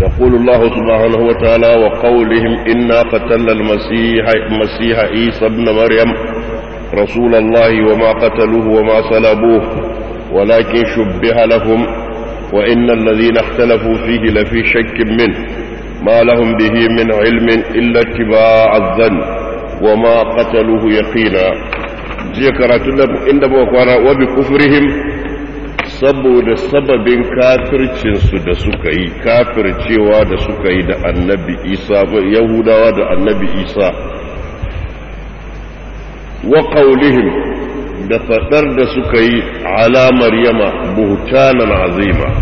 يقول الله سبحانه وتعالى وقولهم إنا قتلنا المسيح مسيح عيسى ابن مريم رسول الله وما قتلوه وما صلبوه ولكن شبه لهم وإن الذين اختلفوا فيه لفي شك منه ما لهم به من علم إلا اتباع الظن وما قتلوه يقينا ذكرت لهم إن وبكفرهم saboda sababin kafircinsu da suka yi kafircewa da suka yi da annabi isa yahudawa da annabi isa wa qaulihim da fadar da suka yi ala maryama buhtanan azima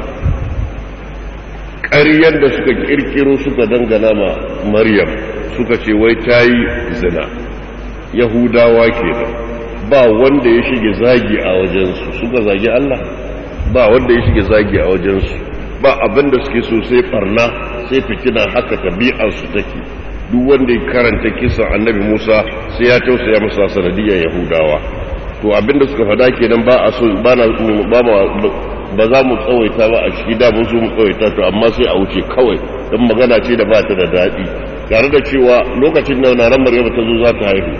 ƙaryar da suka kirkiro suka dangana ma maryam suka ce wai ta yi zina yahudawa ke ba wanda ya shige zagi a wajensu suka zagi allah ba wanda ya shige zagi a wajensu ba abin da suke so sai barna sai fitina haka tabi'arsu take duk wanda ya karanta kisan annabi musa sai ya tausaya masa sanadiyar yahudawa to abin da suka fada kenan ba a so ba na ba ba za mu tsawaita ba a ciki da mun so mu tsawaita to amma sai a wuce kawai dan magana ce da ba ta da daɗi tare da cewa lokacin da naran maryam ta zo za ta haihu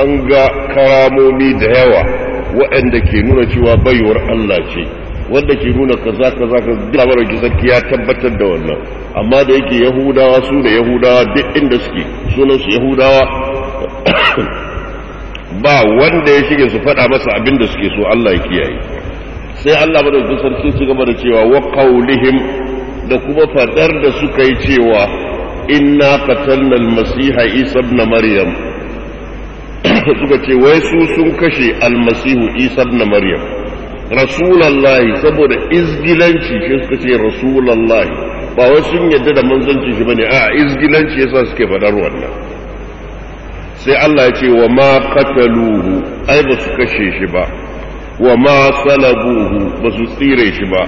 an ga karamomi da yawa waɗanda ke nuna cewa baiwar allah ce wanda ke nuna kaza kaza ka labarin ki sarki ya tabbatar da wannan amma da yake yahudawa su ne yahudawa duk inda suke sunan su yahudawa ba wanda ya shige su faɗa masa abin da suke so Allah ya kiyaye sai Allah madaukakin sai su gama da cewa wa qaulihim da kuma fadar da suka yi cewa inna qatalna al-masiha isa ibn maryam suka ce wai su sun kashe almasihu isa ibn maryam rasulallahi saboda izgilanci shi suka ce rasulallahi ba wai sun yadda da manzanci shi bane a izgilanci yasa suke faɗar wannan sai Allah ya ce wa ma qataluhu ai ba su kashe shi ba wa ma salabuhu ba su tsire shi ba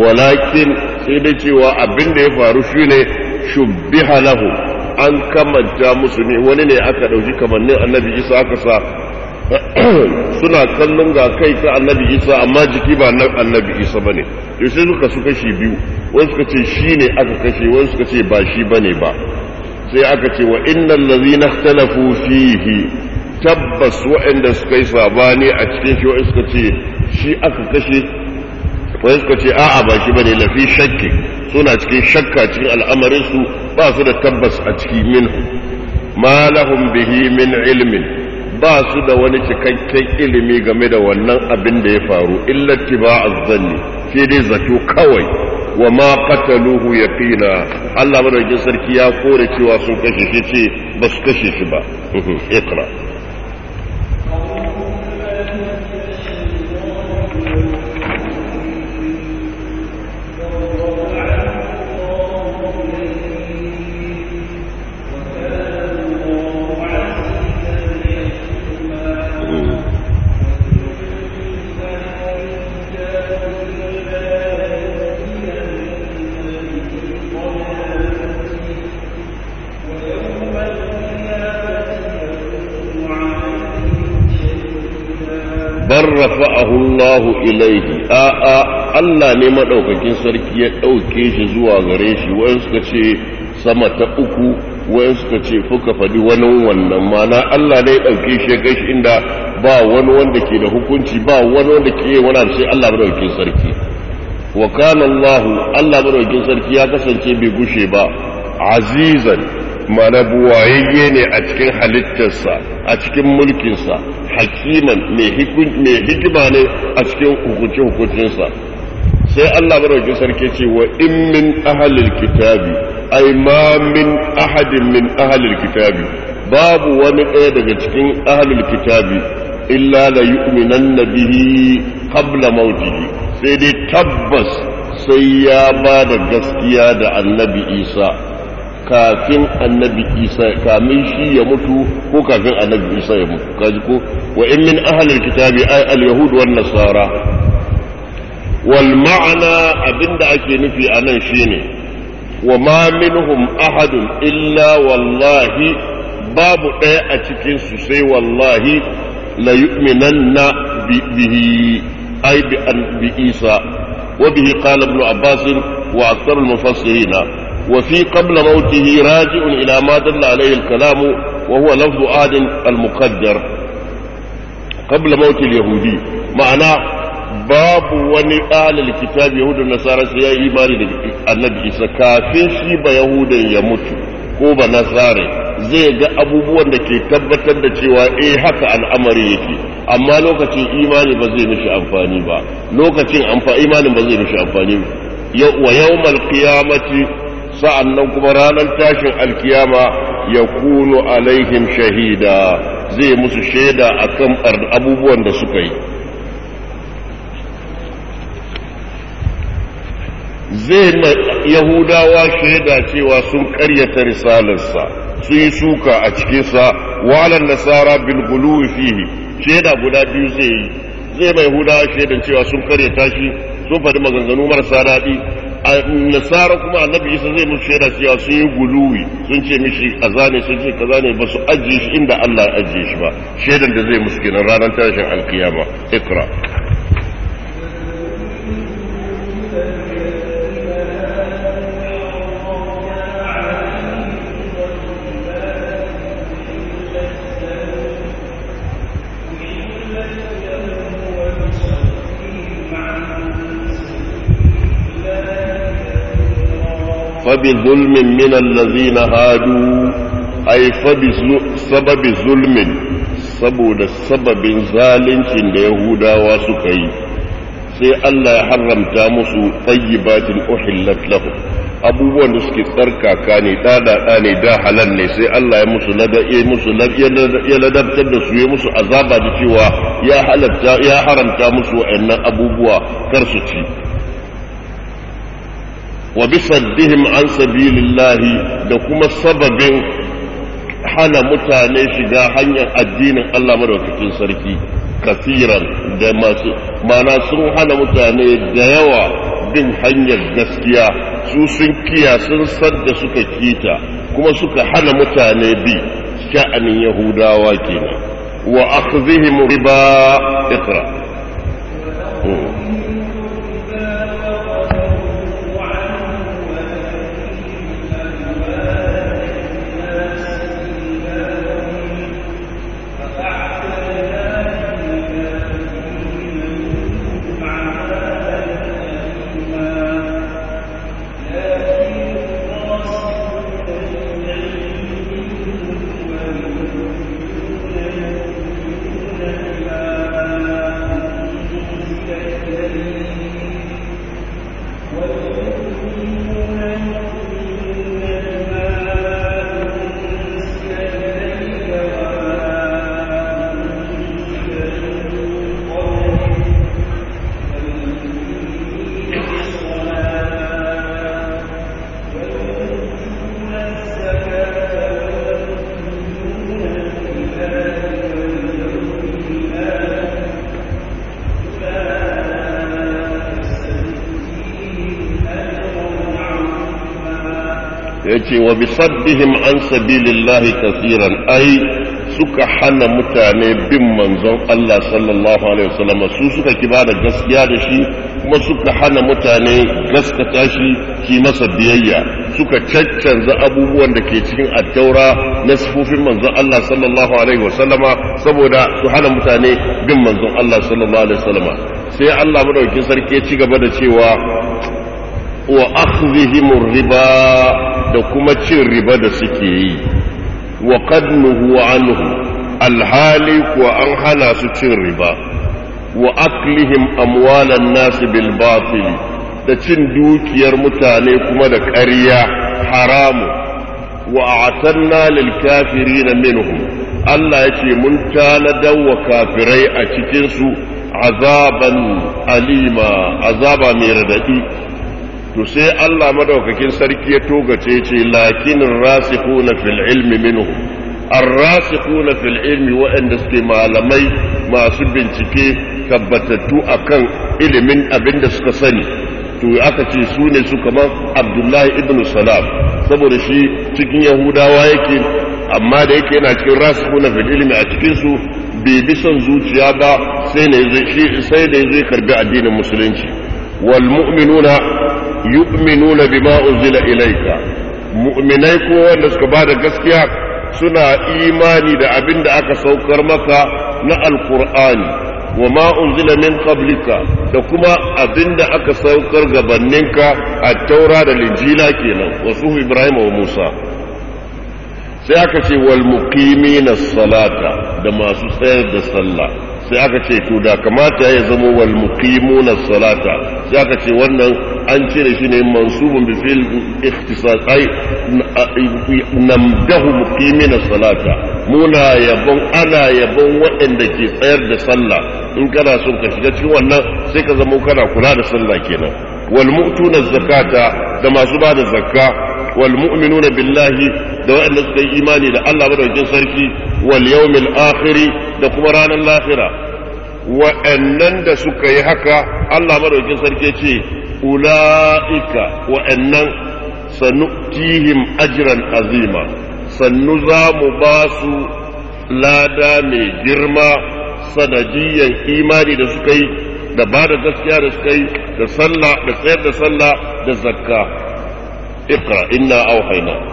walakin sai dai cewa abinda ya faru shine shubbiha lahu an kamanta musu ne wani ne aka ɗauki kamannin annabi isa aka sa suna kallon ga kai ta annabi isa amma jiki ba annabi isa ba ne yaushe suka su kashe biyu wani suka ce shi ne aka kashe wani suka ce ba shi ba ne ba sai aka ce wa innan na talafu fihi tabbas waɗanda suka yi sabani a cikin shi wani suka ce shi aka kashe wani suka ce a'a ba shi ba ne lafi shakki suna cikin shakka cikin al'amarin su ba su da tabbas a ciki min ma lahum bihi min ilmin ba su da wani cikakken ilimi game da wannan abin da ya faru illa tiba azzanni sai dai zato kawai wa ma qataluhu yaqina Allah madaukakin sarki ya kore cewa sun kashe shi ce ba su kashe shi ba iqra rafa'ahu Allah ilaihi a a Allah ne madaukakin sarki ya dauke shi zuwa gare shi wayan suka ce sama ta uku wayan suka ce fuka fadi wani wannan mana Allah ne ya dauke shi ya kai shi inda ba wani wanda ke da hukunci ba wani wanda ke wani sai Allah madaukakin sarki wa kana Allah Allah madaukakin sarki ya kasance bai gushe ba azizan mana buwayayye ne a cikin halittarsa a cikin mulkinsa hakiman mai hikima ne a cikin hukuncin hukuncinsa sai Allah maraukin sarki ce wa in min ahalil kitabi ai ma min ahadin min ahalil kitabi babu wani ɗaya daga cikin ahalil kitabi illa la yu'minan bihi qabla mautihi sai dai tabbas sai ya ba da gaskiya da annabi isa kafin annabi isa kamin shi ya mutu ko kafin annabi isa ya mutu kaji ko wa in min ahlil kitabi ay al yahud wan nasara wal ma'ana abinda ake nufi anan shine wa ma minhum illa wallahi babu ɗaya a cikin su sai wallahi la yu'minanna bihi ay bi isa wa bihi qala ibn abbas wa aktarul mufassirina wa fi qabla mautihi raji'un ila ma dalla alayhi al-kalam wa huwa lafzu adin yahudi ma'ana babu wani alal kitab yahudun nasara sai ya yi imani da annabi isa kafin shi ba yahudan ya mutu ko ba nasare zai ga abubuwan da ke tabbatar da cewa eh haka al'amari yake amma lokacin imani ba zai mishi amfani ba lokacin imanin ba zai mishi amfani wa yawmal qiyamati sa'annan kuma ranar tashin alkiyama ya kunu alaihim shahida zai musu shaida a kan abubuwan da suka yi zai na yahudawa shaida cewa sun karyata risalarsa sun yi suka a cikinsa walan nasara bilgulu fihi shaida guda biyu zai yi zai mai yahudawa shaidan cewa sun karyata shi sun faɗi maganganu marasa daɗi nasara kuma annabi isa zai musu shaida cewa sun yi guluwi sun ce mishi kaza ne sun ce kaza ne ba su ajiye shi inda Allah ya ajiye shi ba shaidan da zai musu kenan ranar tashin alkiyama ikra فبظلم من الذين هادوا أي فبسبب ظلم saboda sababin zaluncin da Yahudawa suka yi sai Allah ya haramta musu tayyibatin uhillat lahum abubuwan da suke tsarkaka ne dada ne da halal ne sai Allah ya musu musu ya ladabtar da su ya musu azaba da cewa ya halatta ya haramta musu wa'annan abubuwa kar su ci wa bisaddihim an sabilillahi da kuma sababin hana mutane shiga hanyar addinin Allah madaukakin sarki kasiran da masu mana sun hana mutane da yawa bin hanyar gaskiya su sun kiya sun sadda suka kita kuma suka hana mutane bi sha'anin yahudawa kenan wa akhdhihim riba ikra ce wa bi an sabilillahi kafiran ai suka hana mutane bin manzon Allah sallallahu alaihi wasallam su suka kiba da gaskiya da shi kuma suka hana mutane gaskata shi ki masa biyayya suka caccanza abubuwan da ke cikin attaura na sifofin manzon Allah sallallahu alaihi wasallama saboda su hana mutane bin manzon Allah sallallahu alaihi wasallama sai Allah madaukakin sarki ya ci gaba da cewa wa akhdhihim riba da kuma cin riba da suke yi wa qad nuhu anhu alhali kuwa an hana su cin riba wa aklihim amwalan nasi bil batil da cin dukiyar mutane kuma da ƙarya haramu wa a'tanna lil kafirin minhum Allah yace mun tanadar wa kafirai a cikin su azaban alima azaba mai radadi to sai Allah madaukakin sarki ya togace ce lakinin rasikhuna fil ilmi minhu ar fil ilmi waɗanda suke malamai masu bincike tabbatattu akan ilimin abinda suka sani to aka ce su ne su kamar Abdullahi ibn Salam saboda shi cikin Yahudawa yake amma da yake yana cikin rasikhuna fil ilmi a cikin su bai bi son zuciya ba sai ne sai da zai karbi addinin musulunci wal mu'minuna yu'minuna bima unzila ilayka mu'minai ko wanda suka bada gaskiya suna imani da abin da aka saukar maka na alqur'ani wa ma unzila min qablika da kuma abin da aka saukar gabaninka at-taura da linjila kenan wasu ibrahim wa musa sai aka ce wal muqimina salata da masu tsayar da sallah sai aka ce to da kamata ya zama wal muqimuna salata sai aka ce wannan an cire shi ne mansubun bi fil ikhtisas ai namdahu muqimina salata muna yabon ana yabon waɗanda ke tsayar da sallah in kana son ka shiga cikin wannan sai ka zama kana kula da sallah kenan wal mu'tuna zakata da masu bada da zakka wal mu'minuna billahi da waɗanda suka yi imani da Allah madaukakin sarki wal yawmil akhir da kuma ranar lahira wa'annan da suka yi haka Allah madaukakin sarki ce ula'ika wa'annan sanu'tihim ajran azima sannu za mu ba su lada mai girma sanadiyyan imani da suka yi da ba da gaskiya da suka yi da sallah da tsayar da sallah da zakka اقرأ إنا أوحينا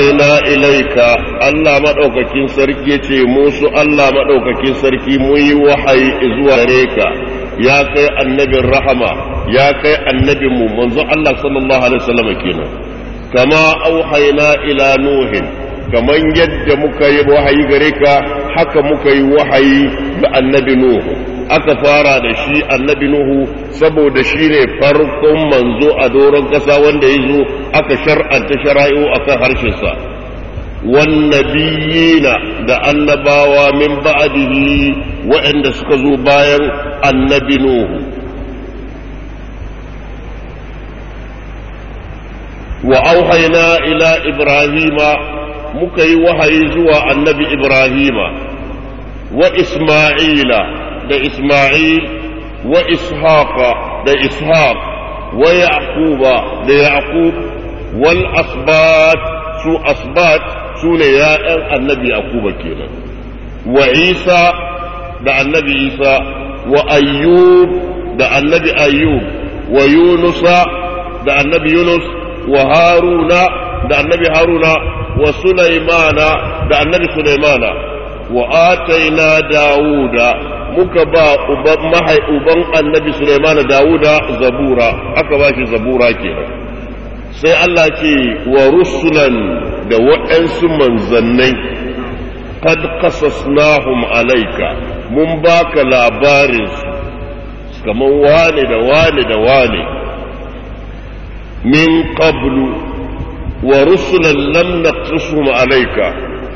auhaina ilaika Allah madaukakin sarki yace musu Allah madaukakin sarki mu yi wahayi zuwa gare ka ya kai annabin rahama ya kai annabin mu manzo Allah sallallahu alaihi wasallam kenan kama auhaina ila nuhin kaman yadda muka yi wahayi gare ka haka muka yi wahayi ga annabi nuhu aka fara da shi annabi nuhu saboda shi ne farkon manzo a doron ƙasa wanda ya zo aka shar'anta shara'i'u akan harshensa wannabiyina da annabawa min ba'dihi waɗanda suka zo bayan annabi nuhu wa auhayna ila ibrahima muka yi wahayi zuwa annabi ibrahima wa isma'ila da isma'il wa ishaqa da ishaq wa yaquba da yaqub wal asbat su asbat su ne ya'yan annabi akuba kenan wa isa da annabi isa wa ayyub da annabi ayyub wa yunusa da annabi yunus wa haruna da annabi haruna wa sulaimana da annabi sulaimana wa ataina dawuda muka ba uban mahai uban annabi sulaimana Dawuda zabura aka ba shi zabura kenan sai Allah ce wa rusulan da waɗansu manzannai kad qasasnahum alaika mun baka labarin su kamar wane da wane da wane min qablu wa rusulan lam naqsuhum alaika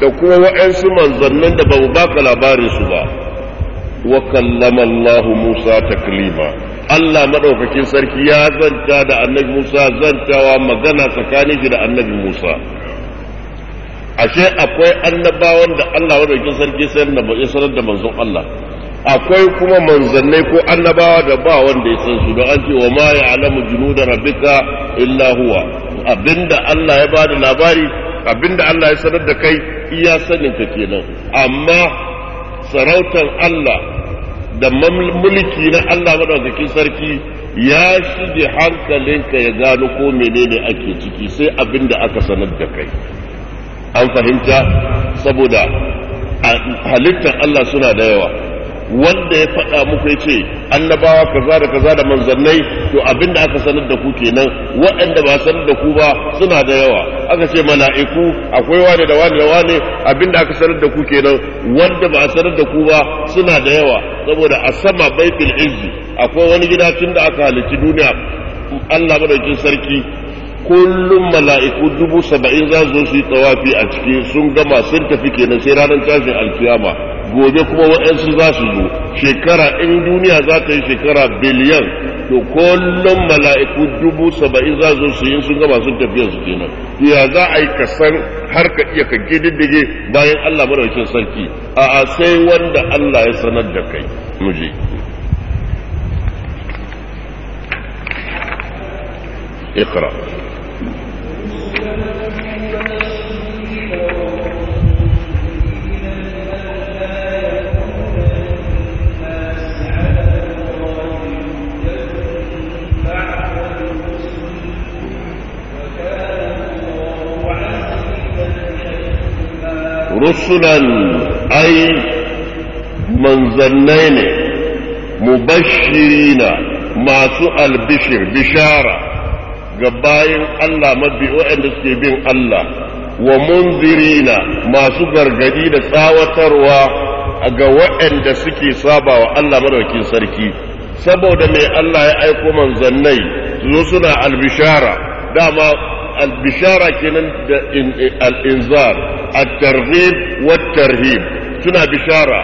da kuma waɗansu manzannin da ba mu baka labarin su ba wa kallama Allah Musa taklima Allah madaukakin sarki ya zanta da annabi Musa zantawa magana tsakanin shi da annabi Musa ashe akwai annabawan da Allah madaukakin sarki sai bai sanar da manzon Allah akwai kuma manzannai ko annabawa da ba wanda ya san su don an ce wa ma ya'lamu junuda rabbika illa huwa abinda Allah ya bada labari abinda Allah ya sanar da kai iya sanin ka kenan amma sarautar Allah da mulki na Allah madaukakin sarki ya shige hankalinka ya gano ko menene ake ciki sai abin da aka sanar da kai an fahimta saboda halittar Allah suna da yawa wanda ya faɗa muku ya ce annabawa kaza da kaza da manzannai to abin da aka sanar da ku kenan waɗanda ba sanar da ku ba suna da yawa aka ce mala'iku akwai wane da wane da wane abin da aka sanar da ku kenan wanda ba sanar da ku ba suna da yawa saboda a sama baitul izzi akwai wani gida tun da aka halicci duniya Allah madaukin sarki kullum mala'iku dubu saba'in za su yi tsawafi a ciki sun gama sun tafi kenan sai ranar tashin alkiyama gobe kuma waɗansu za su zo shekara in duniya za ta yi shekara biliyan to kullum mala'iku dubu saba'in za zo su yi sun gaba sun tafiya su kenan to ya za a yi ka san har ka iya ka gididdige bayan Allah madaukakin sarki a'a sai wanda Allah ya sanar da kai muje اقرأ rusulan ai manzannai ne mubashirina masu albishir bishara ga bayin Allah mabi waɗanda suke bin Allah wa munzirina masu gargadi da tsawatarwa ga waɗanda suke saba wa Allah madaukin sarki saboda mai Allah ya aiko manzannai su suna albishara dama bishara kenan da al'inzar at-targhib wat-tarhib suna bishara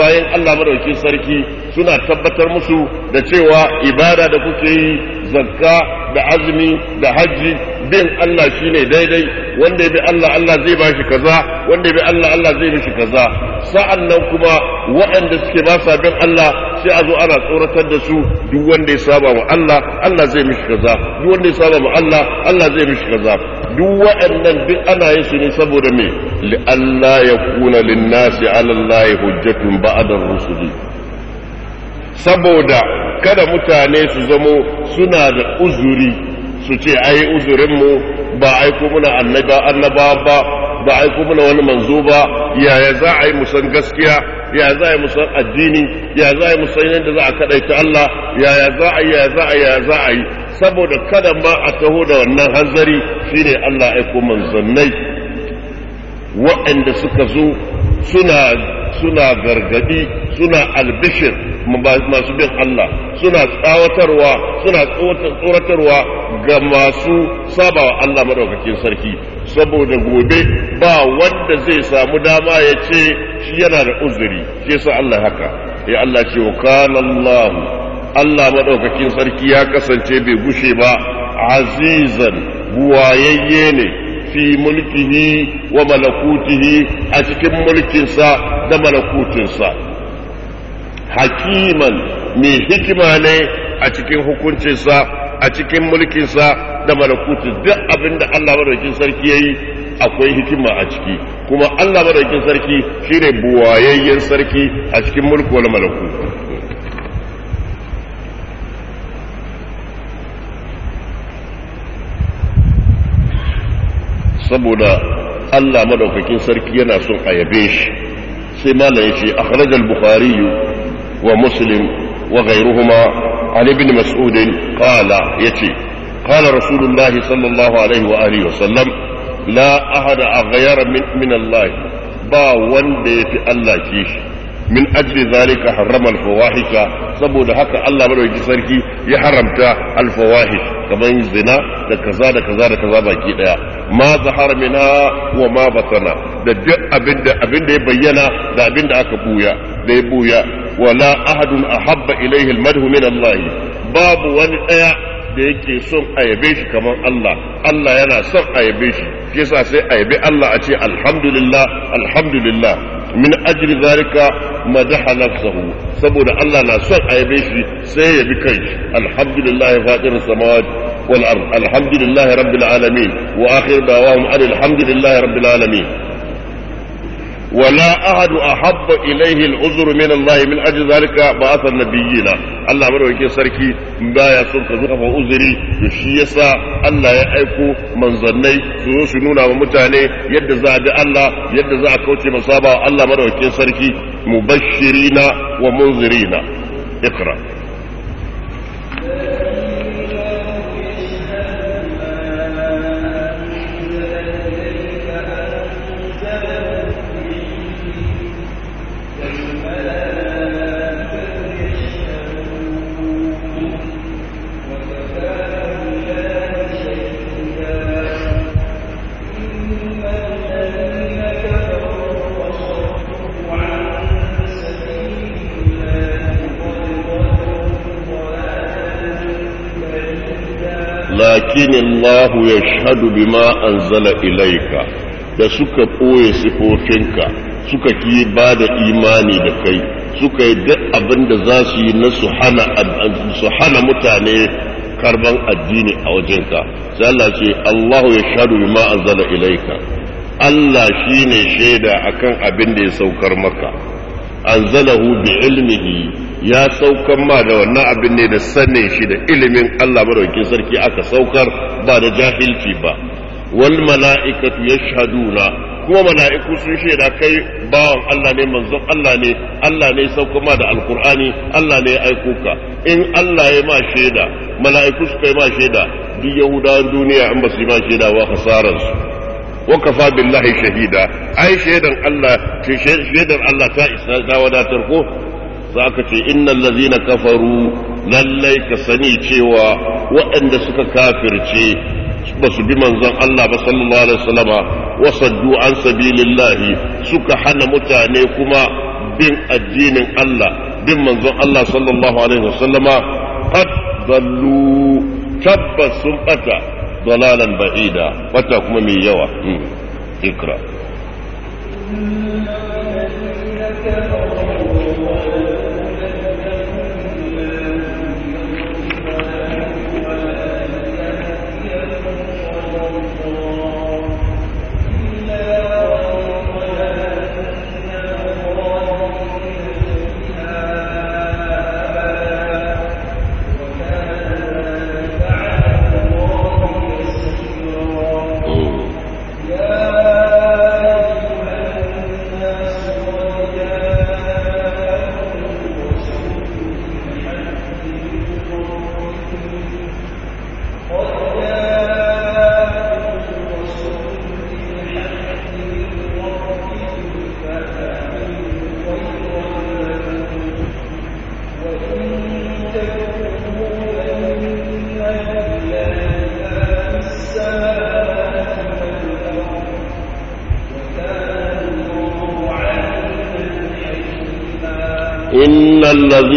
bayan Allah madaukin sarki suna tabbatar musu da cewa ibada da kuke yi zakka da azumi da hajji bin Allah shine daidai wanda ya bi Allah Allah zai bashi kaza wanda ya bi Allah Allah zai mishi kaza sa'an nan kuma waɗanda suke ba sa bin Allah sai a zo ana tsoratar da su duk wanda ya saba wa Allah Allah zai mishi kaza duk wanda ya saba wa Allah Allah zai mishi kaza duk waɗannan duk ana yin su ne saboda me li Allah ya kuna lin nasi ala Allah hujjatun ba'da rusuli saboda kada mutane su zamo suna da uzuri su ce ai uzurinmu ba aiko muna annaba annaba ba ba aiko muna wani manzo ba yaya za a yi musan gaskiya ya za a yi musan addini ya za a yi musan yadda za a kadaita Allah yaya za a yi ya za a yi ya za a yi saboda kada ma a taho da wannan hanzari shine Allah aiko manzannai waɗanda suka zo suna suna gargadi suna albishir masu bin Allah suna tsawatarwa suna tsoratarwa ga masu sabawa Allah madaukakin sarki saboda gobe ba wanda zai samu dama ya ce shi yana da uzuri shi yasa Allah haka ya Allah ce wa kana Allah Allah madaukakin sarki ya kasance bai gushe ba azizan buwayayye ne fi mulkihi wa malakutihi a cikin mulkinsa da malakutinsa hakiman mai hikima ne a cikin hukuncinsa a cikin mulkinsa da malakutu duk abin da Allah madaukin sarki ya yi akwai hikima a ciki kuma Allah madaukin sarki shi ne buwayayyen sarki a cikin mulku wani malaku saboda Allah madaukakin sarki yana son a yabe shi sai malam ya ce kharajar bukhari ومسلم وغيرهما عن ابن مسعود قال يتي قال رسول الله صلى الله عليه وآله وسلم لا أحد أغير من, من الله با وندي في الله كيش من أجل ذلك حرم الفواحش saboda haka Allah madauki sarki ya haramta alfawahish kamar zina da kaza da kaza da kaza baki daya ma zahara mina wa ma batana da duk abinda abinda ya bayyana da abinda aka da buya wala ahadun ahabba ilayhi almadhu min Allah babu wani ɗaya da yake son a yabe kamar Allah Allah yana son a yabe shi shi sai a Allah a ce alhamdulillah alhamdulillah min ajri zalika madaha saboda Allah na son a shi sai ya bi kai alhamdulillah fatir samawati والأرض الحمد لله رب العالمين وآخر دعواهم أن الحمد لله رب ولا احد احب اليه العذر من الله من اجل ذلك بعث النبيين الله مرة يكي سركي بايا سنك زخف أذري يشيسا الله يأيكو من ظني سيوش نونا ومتاني يد زاد الله يد زاد كوتي مصابة الله مرة يكي سركي مبشرين ومنذرين اقرأ لكن الله ya بما bima anzala da suka ɓoye sifofinka suka ki ba da imani da kai suka yi duk abin da za su yi na su hana mutane karban addini a wajenka sai Allah ce Allahu ya shaɗu bima ilaika Allah shine shaida akan abin da ya saukar maka anzalahu bi ilmihi ya saukar ma da wannan abin ne da sanin shi da ilimin Allah madaukakin sarki aka saukar ba da jahilci ba wal mala'ikatu yashhaduna kuma mala'iku sun shaida kai bawan Allah ne manzon Allah ne Allah ne saukan ma da alqur'ani Allah ne ya aiko ka in Allah ya ma shaida mala'iku su kai ma shaida duk yahudawan duniya an ba su ma shaida wa su. wa kafa billahi shahida ai shaidan Allah shaidan Allah ta isa ta wadatar ko za ka ce innal ladzina kafaru lallai ka sani cewa waɗanda suka kafirce ba su bi manzon Allah ba sallallahu alaihi wasallama wa saddu an sabilillahi suka hana mutane kuma bin addinin Allah bin manzon Allah sallallahu alaihi wasallama qad dallu tabbas sun bata dalalan ba'ida wata kuma mai yawa hmm. ikra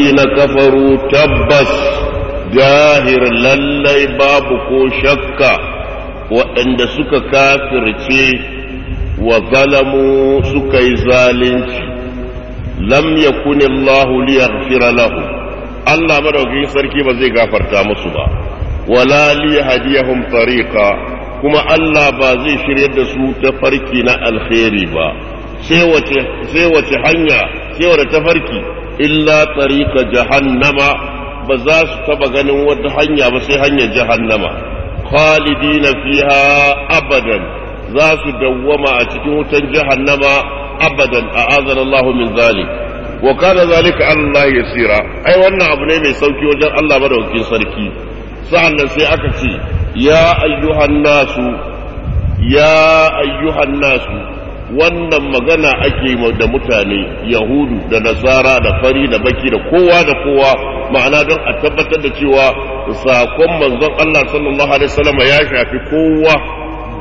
na kafaru tabbas jahir lallai babu ko shakka waɗanda suka kafirce wa zalamu suka yi zalunci lam yakuni Allahu liyaghfira lahu Allah madaukakin sarki ba zai gafarta musu ba wala liyahadiyahum tariqa kuma Allah ba zai shiryar da su ta farki na alkhairi ba sai wace hanya sai wata tafarki illa tariqa jahannama ba za su taba ganin wata hanya ba sai hanyar jahannama Kwalidina fiha abadan za su dawwama a cikin wutan jahannama abadan a Allah min zalik wa kana zalika Allah yasira ai wannan abu ne mai sauki wajen Allah madaukakin sarki sa'an nan sai aka ce ya ayyuhan nasu ya ayyuhan nasu wannan magana ake yi da mutane yahudu da nasara da fari da baki da kowa da kowa ma'ana don a tabbatar da cewa sakon manzon Allah sallallahu alaihi wasallam ya shafi kowa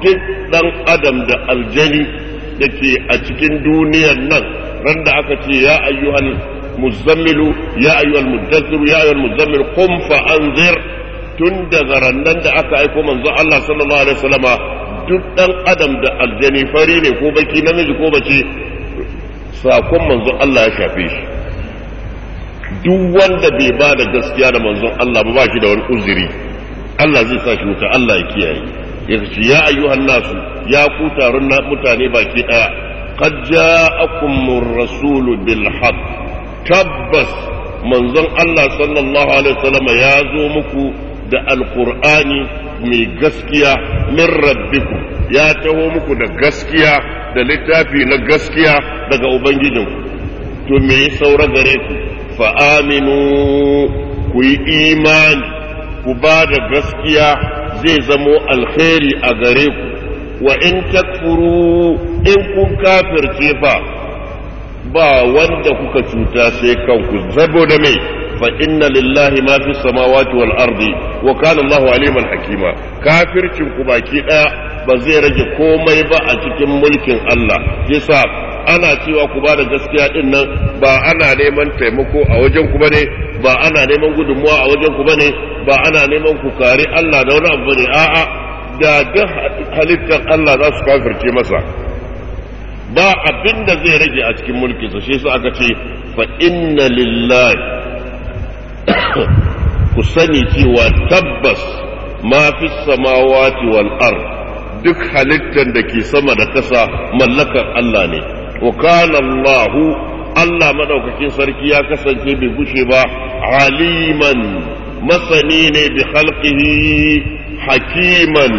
duk dan adam da aljani da ke a cikin duniyar nan ran da aka ce ya ayyuhal muzammilu ya ayyuhal muddathir ya ayyuhal muzammil qum fa anzir tun daga rannan da aka aiko manzon Allah sallallahu alaihi wasallama duk dan adam da aljani fari ne ko baki namiji ko bace sakon manzon Allah ya shafe shi duk wanda bai ba da gaskiya da manzon Allah ba ba shi da wani uzuri Allah zai sa shi wuta Allah ya kiyaye ya ce ya ayyuhan nasu ya ku taron mutane baki daya qad ja'akumur rasulu bil haqq tabbas manzon Allah sallallahu alaihi wasallam ya zo muku da alqur'ani mai gaskiya min rabbiku ya taho muku da gaskiya da littafi na gaskiya daga ubangijin to me saura gare ku fa aminu ku yi imani ku ba da gaskiya zai zamo alkhairi a gare ku wa in takfuru in kun kafirce fa ba wanda kuka cuta sai kanku saboda mai fa inna lillahi ma fi samawati wal ardi wa kana Allahu aliman hakima kafircin ku baki daya ba zai rage komai ba a cikin mulkin Allah yasa ana cewa ku bada da gaskiya din nan ba ana neman taimako a wajen ku bane ba ana neman gudunmuwa a wajen ku bane ba ana neman ku kare Allah da wani abu bane a'a da duk halittar Allah za su kafirce masa ba abin da zai rage a cikin mulkinsa shi yasa aka ce fa inna lillahi ku sani cewa tabbas ma fi samawati wal ar duk halittar da ke sama da kasa mallakar Allah ne wa kana Allah Allah madaukakin sarki ya kasance bai gushe ba aliman masani ne bi khalqihi hakiman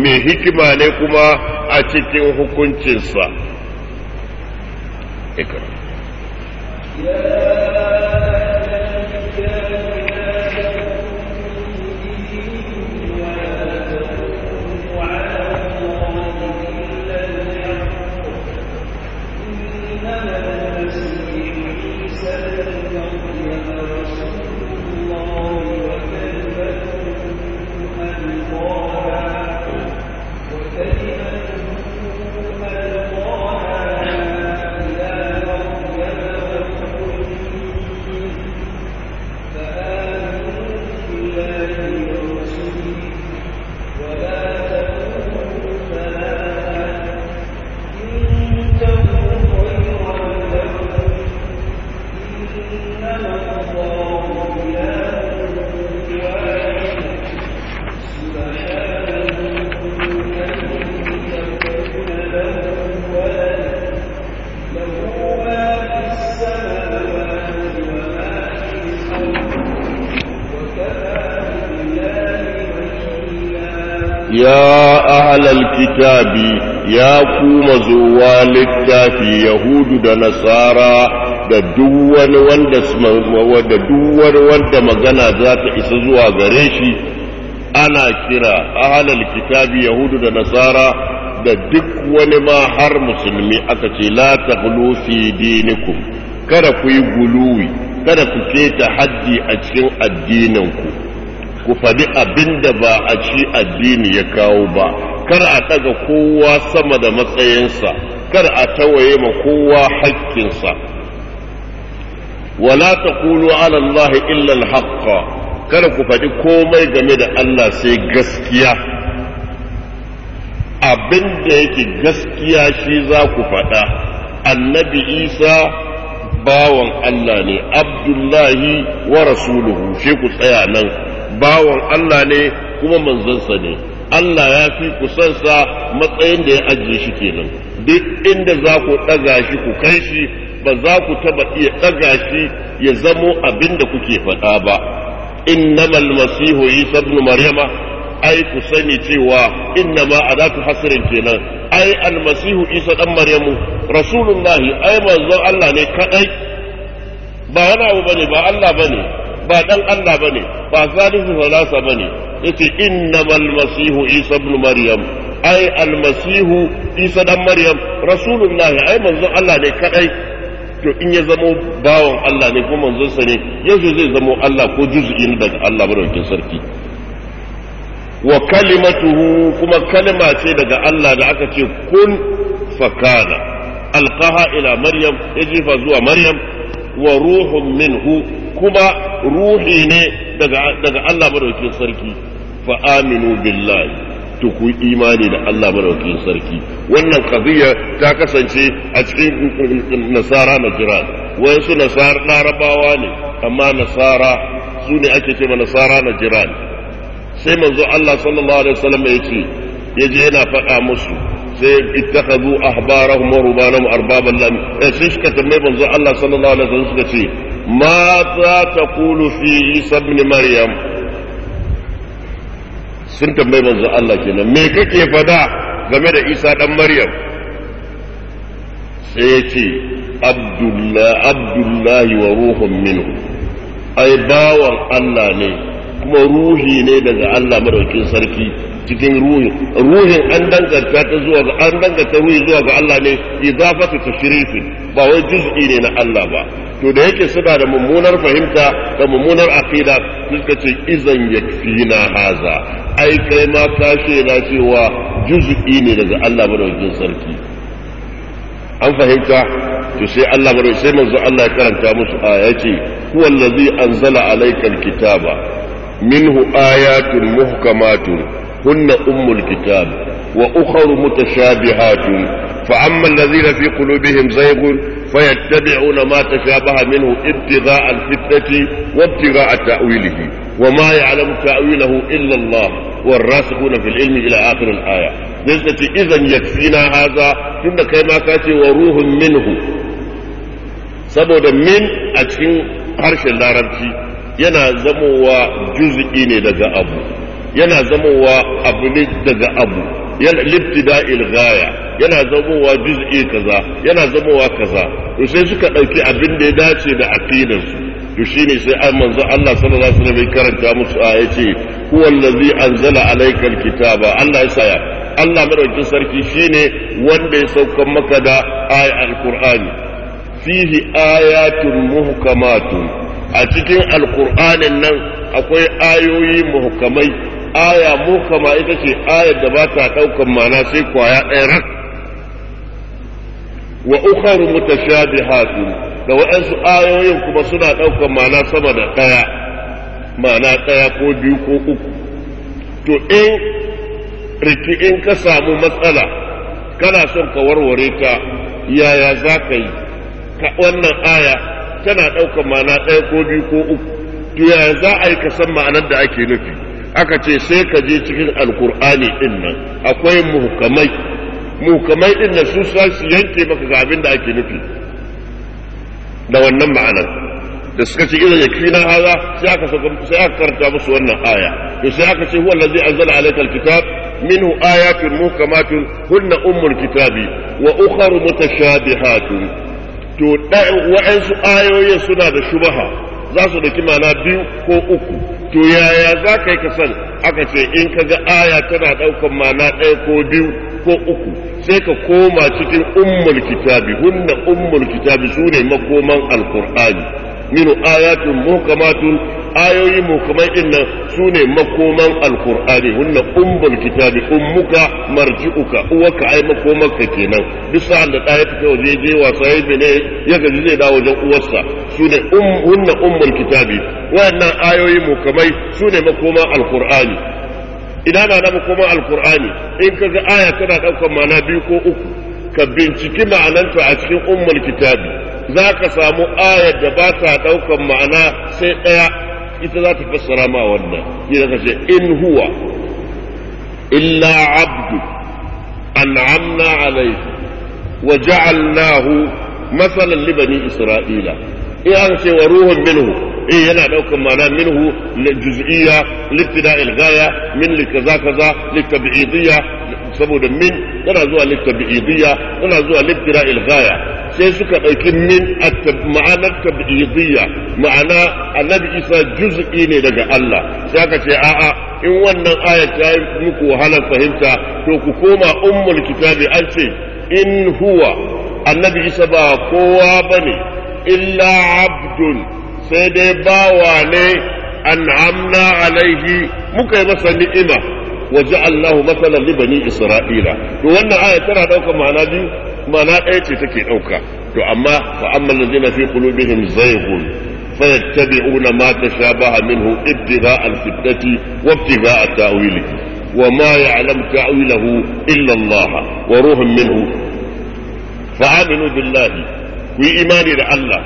mai hikima ne kuma a cikin hukuncinsa ikra ya ahlal kitabi ya kuma zuwa littafi yahudu da nasara da duk wani wanda magana za ta isa zuwa gare shi ana kira ahlal kitabi yahudu da nasara da duk wani ma har musulmi aka ce la taghlu fi dinikum kada ku yi guluwi kada ku keta haddi a cikin addininku ku faɗi abin da ba a ci addini ya kawo ba kar a ɗaga kowa sama da matsayinsa kar a tawaye ma kowa haƙƙinsa wala taqulu ala illan illa al kar ku faɗi komai game da Allah sai gaskiya abin da yake gaskiya shi za ku faɗa annabi Isa bawan Allah ne abdullahi wa rasuluhu shi ku tsaya nan bawan Allah ne kuma manzansa ne Allah ya fi kusansa matsayin da ya ajiye shi kenan duk inda za ku ɗaga shi ku kai shi ba za ku taɓa iya ɗaga shi ya zamo abin da kuke faɗa ba innamal masihu isa ibn maryama ai ku sani cewa inna ma a zatu kenan ai almasihu isa dan maryamu rasulullahi ai manzo Allah ne kadai ba wani abu bane ba Allah bane ba dan Allah bane ba salisu falasa bane yace innamal masihu isa ibn maryam ai almasihu isa dan maryam rasulullah ai manzo Allah ne kadai to in ya zamo bawon Allah ne ko manzo sa ne yanzu zai zamo Allah ko juz'in daga Allah barkin sarki wa kalimatuhu kuma kalima ce daga Allah da aka ce kun fakana alqaha ila maryam ya jefa zuwa maryam wa ruhun minhu kuma ruhi ne daga Allah madaukakin sarki fa aminu billahi to ku imani da Allah sarki wannan qadiya ta kasance a cikin eh, nasara jira wai su nasara larabawa ne amma nasara su ne ake cewa nasara na jira sai manzo Allah sallallahu alaihi wasallam ya ce yaje yana faɗa musu sai ittakhadhu ahbarahum wa rubanahum arbaban lam Allah sallallahu alaihi wasallam suka ce ma za fi isa ibn maryam sun Allah kenan me kake fada game da isa dan maryam sai ya ce abdullahi wa ruhun minhu ai bawan Allah ne kuma ruhi ne daga Allah madaukin sarki cikin ruhi ruhin an danganta ta zuwa ga an danganta ruhi zuwa ga Allah ne idafatu tashrifin ba wai juz'i ne na Allah ba to da yake suna da mummunar fahimta da mummunar aqida suka ce izan yakfina haza ai kai ma ka na cewa juz'i ne daga Allah jin sarki an fahimta to sai Allah ba sai manzo Allah ya karanta musu aya yace huwa allazi anzala alaykal kitaba minhu ayatun muhkamatun هن أم الكتاب وأخر متشابهات فأما الذين في قلوبهم زيغ فيتبعون ما تشابه منه ابتغاء الفتنة وابتغاء تأويله وما يعلم تأويله إلا الله والراسخون في العلم إلى آخر الآية لذلك إذا يكفينا هذا ثم كما كاتي وروح منه saboda min a cikin harshen larabci yana zamowa juz'i ne daga abu yana zamowa abu ne daga abu yana libtida'il ilgaya yana zamowa juz'i kaza yana zamowa kaza to sai suka ɗauki abin da ya dace da aqidar su to shine sai an manzo Allah sallallahu alaihi wasallam karanta musu a yace huwal ladzi anzala alaikar kitaba Allah ya saya Allah madaukakin sarki shine wanda ya sauka maka da ayat alqur'ani fihi ayatun muhkamatun a cikin alkur'anin nan akwai ayoyi muhkamai aya mu kama ita ce ayar da ba ta ɗaukan mana sai kwaya ɗaya rak wa ukharu mutashabihatu da waɗansu ayoyin kuma suna ɗaukan mana sama da ɗaya mana ɗaya ko biyu ko uku to in riki in ka samu matsala kana son ka warware ta yaya za ka yi Ka wannan aya tana ɗaukan mana ɗaya ko biyu ko uku to yaya za a yi ka san ma'anar da ake nufi aka ce sai ka je cikin alkur'ani din nan akwai muhkamai muhkamai din nan su sa su yanke maka ga abin da ake nufi da wannan ma'anar da suka ce idan yake na haza sai aka sai aka karanta musu wannan aya to sai aka ce huwa allazi anzala alayka alkitab minhu ayatun muhkamatun hunna ummul kitabi wa ukhra mutashabihatun to wa'ansu ayoyin suna da shubaha za su ɗauki mana biyu ko uku to yaya za ka yi ka sani aka ce in ka ga aya tana ɗaukan mana ɗaya ko biyu ko uku sai ka koma cikin ummul kitabi hunna ummul kitabi su makoman alkur'ani minu ayatun muhkamatun ayoyi mukamai din nan sune makoman alqur'ani Wannan umbul kitabi ummuka marji'uka uwaka ai ka kenan duk sa'an da ɗaya fita waje je wasa ya ne ya gaji zai dawo wajen uwarsa sune um wannan umbul kitabi wayannan ayoyi mukamai sune makoman alqur'ani idan na makoman alqur'ani in ka ga aya kana ɗaukar ma'ana biyu ko uku ka binciki ma'ananta a cikin ummul kitabi za ka samu ayar da ba ta ɗaukan ma'ana sai ɗaya ita za ta fassara ma wannan shi da ce in huwa illa abdu an'amna alayhi wa ja'alnahu masalan li bani isra'ila in an ce wa ruhun minhu eh yana daukan mana minhu juz'iyya libtida'il ghaya min likaza kaza litabi'idiyya saboda min tana zuwa littabi'idiyya tana zuwa littira'il ilghaya sai suka ɗauki min ma'anar tabi'idiyya ma'ana annabi isa juz'i ne daga Allah sai aka ce a'a in wannan aya ta yi muku wahalar fahimta to ku koma ummul kitabi an ce in huwa annabi isa ba kowa bane illa abdun sai dai bawa ne amna alaihi muka yi masa ni'ima وجعلناه مثلا لبني إسرائيل to wannan aya tana daukar ma'ana biyu ma'ana ɗaya ce take dauka to amma fa amma allazina fi qulubihim zayghun فيتبعون ما تشابه منه ابتغاء الفتنة وابتغاء تأويله وما يعلم تأويله إلا الله وروح منه فآمنوا بالله وإيمان الله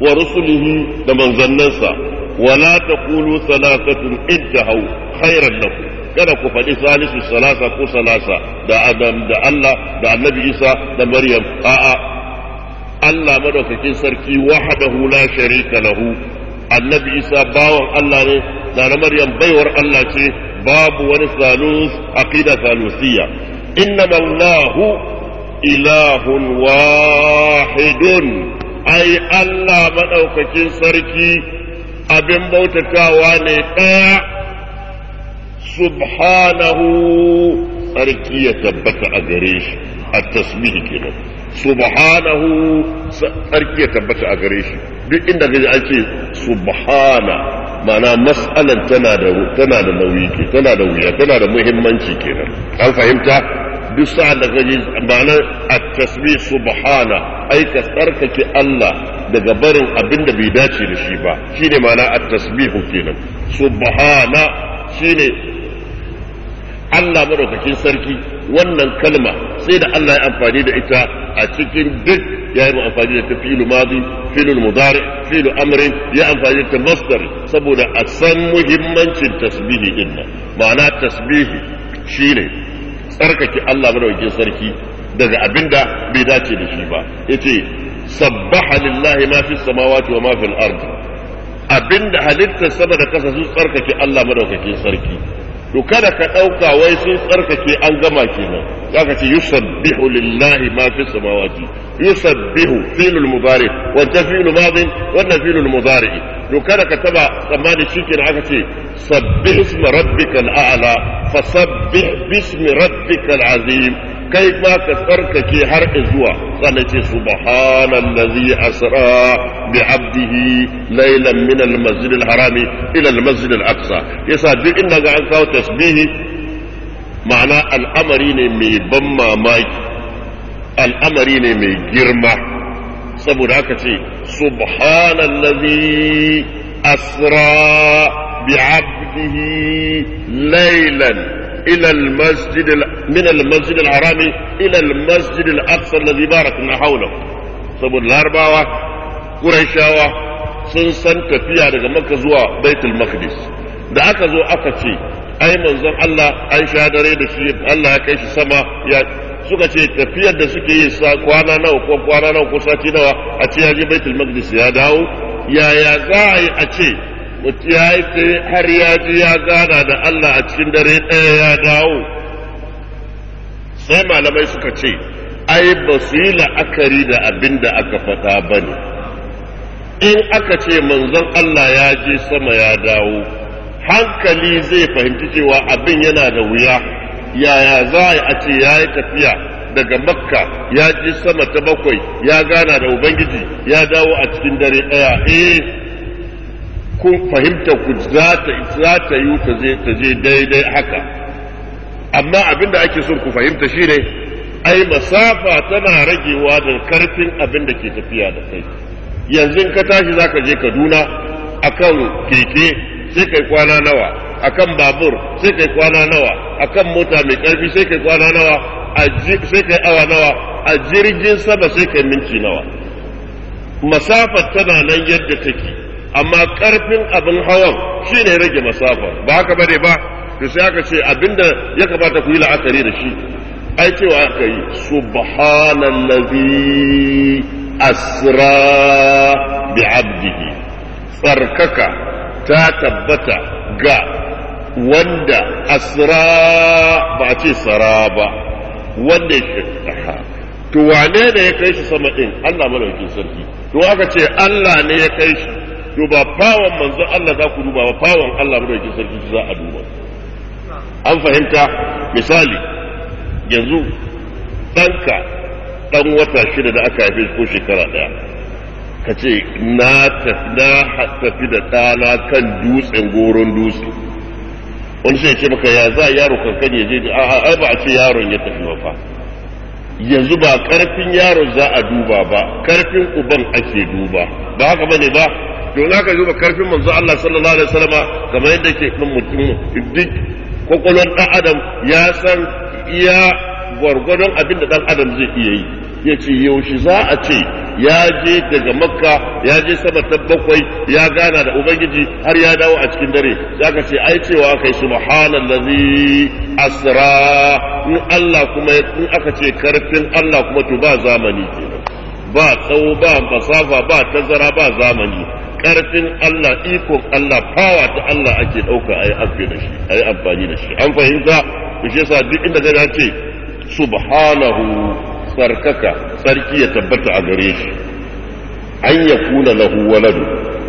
ورسله لمن ظننسا ولا تقولوا ثلاثة انتهوا خيرا لكم kada ku faɗi salisu salasa ko salasa da adam da Allah da annabi Isa da Maryam a'a Allah madaukakin sarki wahdahu la sharika lahu annabi Isa bawan Allah ne da Maryam baiwar Allah ce babu wani salus aqida salusiyya innama Allahu ilahun wahidun ai Allah madaukakin sarki abin bautatawa ne ɗaya subhanahu tsarki ya tabbata a gare shi a tasbihi kenan subhanahu tsarki ya tabbata a gare shi duk inda gaji an ce subhana mana mas'alan tana da tana da nauyi ke tana da wuya tana da muhimmanci kenan an fahimta duk sa'an da gaji ma'ana at-tasbih subhana ai ka tsarkake Allah daga barin abin da bai dace da shi ba shine ma'ana tasbihu kenan subhana shine Allah maɗaukakin sarki wannan kalma sai da Allah ya amfani da ita a cikin duk ya yi amfani da ta filu madi filu mudari filu amri, ya amfani da ta masdar saboda a san muhimmancin tasbihi din nan ma'ana tasbihi shine tsarkake Allah maɗaukakin sarki daga abin da bai dace da shi ba yace sabbaha lillahi ma fi samawati wa ma fil ard abinda halitta sama da kasa sun tsarkake Allah maɗaukakin sarki to kada ka ɗauka wai sun tsarkake an gama kenan zaka ce yusabbihu lillahi ma fi samawati yusabbihu filul mudari wanda filul madin na filul mudari to kada ka taba tsammani shikenan aka ce sabbih isma rabbikal a'la fasabbih bismi rabbikal azim kai ma ka tsarkake har zuwa sannan ce subhanallazi asra bi abdihi laylan min al-masjid al-haram ila al-masjid al-aqsa yasa duk inda ga an kawo tasbihi ma'ana al'amari ne mai ban mamaki al'amari ne mai girma saboda haka ce subhanallazi asra bi abdihi laylan إلى المسجد من المسجد الحرام إلى المسجد الأقصى الذي باركنا حوله سبب الأربعة قريشاوة sun san tafiya daga maka zuwa baitul da aka zo aka ce ai manzon Allah an sha dare da shi Allah ya kai shi sama ya suka ce tafiyar da suke yi sa kwana nawa ko kwana nawa ko sati nawa a ce ya je baitul maqdis ya dawo yaya za a yi a ce ya yi tsaye har ya ji ya gana da Allah a cikin dare ɗaya ya dawo sai malamai suka ce ai ba su yi la'akari da abin da aka fata ba ne in aka ce manzon Allah ya je sama ya dawo hankali zai fahimci cewa abin yana da wuya yaya za a ce ya yi tafiya daga makka ya ji sama ta bakwai ya gana da ubangiji ya dawo a cikin dare ɗaya eh kun fahimta ku za ta za yi ta je ta je daidai haka amma abin da ake son ku fahimta shi ne, ai masafa tana ragewa da karfin abin da ke tafiya da kai yanzu ka tashi zaka je Kaduna akan keke sai kai kwana nawa akan babur sai kai kwana nawa akan mota mai karfi sai kai kwana nawa sai kai awa nawa a jirgin sama sai kai minti nawa Masafa tana nan yadda take amma ƙarfin abin hawan shine rage masafa ba haka bane ba to sai aka ce abinda ya kamata ku yi la'akari da shi ai cewa aka yi subhanallazi asra bi abdihi tsarkaka ta tabbata ga wanda asra ba a ce sara ba wanda ya to wane ne ya kai shi sama ɗin? Allah malaukin sarki to aka ce Allah ne ya kai shi to ba fawon manzo Allah za ku duba ba fawon Allah madaukakin sarki za a duba an fahimta misali yanzu ɗanka ɗan wata shida da aka haife ko shekara ɗaya ka ce na tafi da ɗana kan dutsen goron dutse wani sai ce maka ya za yaro kankan ya je a ai ba a ce yaron ya tafi ba fa yanzu ba karfin yaro za a duba ba karfin uban ake duba ba haka bane ba to in aka zuba karfin manzo Allah sallallahu alaihi wasallam kamar yadda ke kan mutum duk kokolon dan adam ya san iya gwargwadon abin da dan adam zai iya yi ya ce yaushe za a ce ya je daga makka ya je sama ta bakwai ya gana da ubangiji har ya dawo a cikin dare zaka ce ai cewa kai subhanallazi asra in Allah kuma in aka ce karfin Allah kuma to ba zamani ba tsawo ba masafa ba tazara ba zamani Ƙarfin Allah ikon Allah fawa ta Allah ake ɗauka a yi da shi a yi amfani da shi an fahimta ku shi yasa duk inda gada ce subhanahu sarkaka sarki ya tabbata a gare shi an ya kuna lahu waladu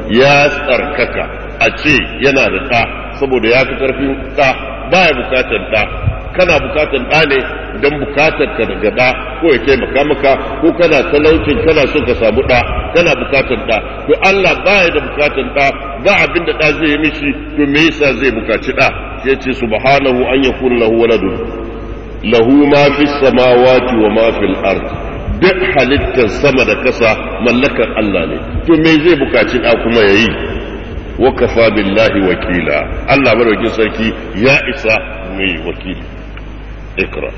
ya sarkaka, a ce yana da ɗa saboda ya fi ƙarfin ɗa ba ya bukatar ɗa kana bukatar ɗa ne don bukatar ka daga ɗa ko ya taimaka maka ko kana talaucin kana son ka samu ɗa kana bukatar ɗa to Allah baya da bukatan ɗa ba abin da ɗa zai yi mishi to me yasa zai bukaci ɗa sai ce subhanahu an yakun lahu waladun lahu ma fi samawati wa ma fil ard duk halittar sama da kasa mallakar Allah ne to me zai bukaci da kuma yayi wa kafa billahi wakila Allah madaukin sarki ya isa mai wakili اقرأ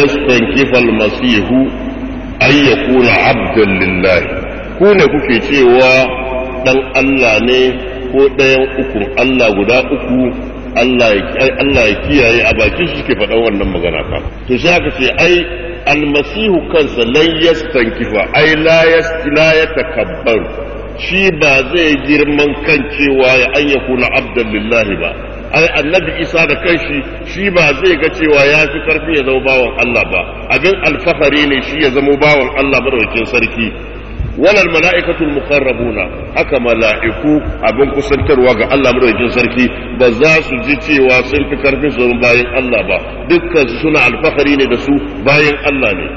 yastankifa almasihu an yakuna abdan lillahi ku ne kuke cewa dan Allah ne ko ɗayan uku Allah guda uku Allah ya kiyaye a bakin shi ke faɗan wannan magana fa to sai aka ce ai almasihu kansa lan yastankifa ai la ya yatakabbaru shi ba zai girman kan cewa ya an yakuna abdan lillahi ba ai annabi isa da kanshi shi ba zai ga cewa ya fi karfi ya zama bawan Allah ba abin alfahari ne shi ya zama bawan Allah madaukakin sarki wannan mala'ikatul muqarrabuna haka mala'iku abin kusantarwa ga Allah madaukakin sarki ba za su ji cewa sun fi karfin su bayan Allah ba dukkan suna alfahari ne da su bayan Allah ne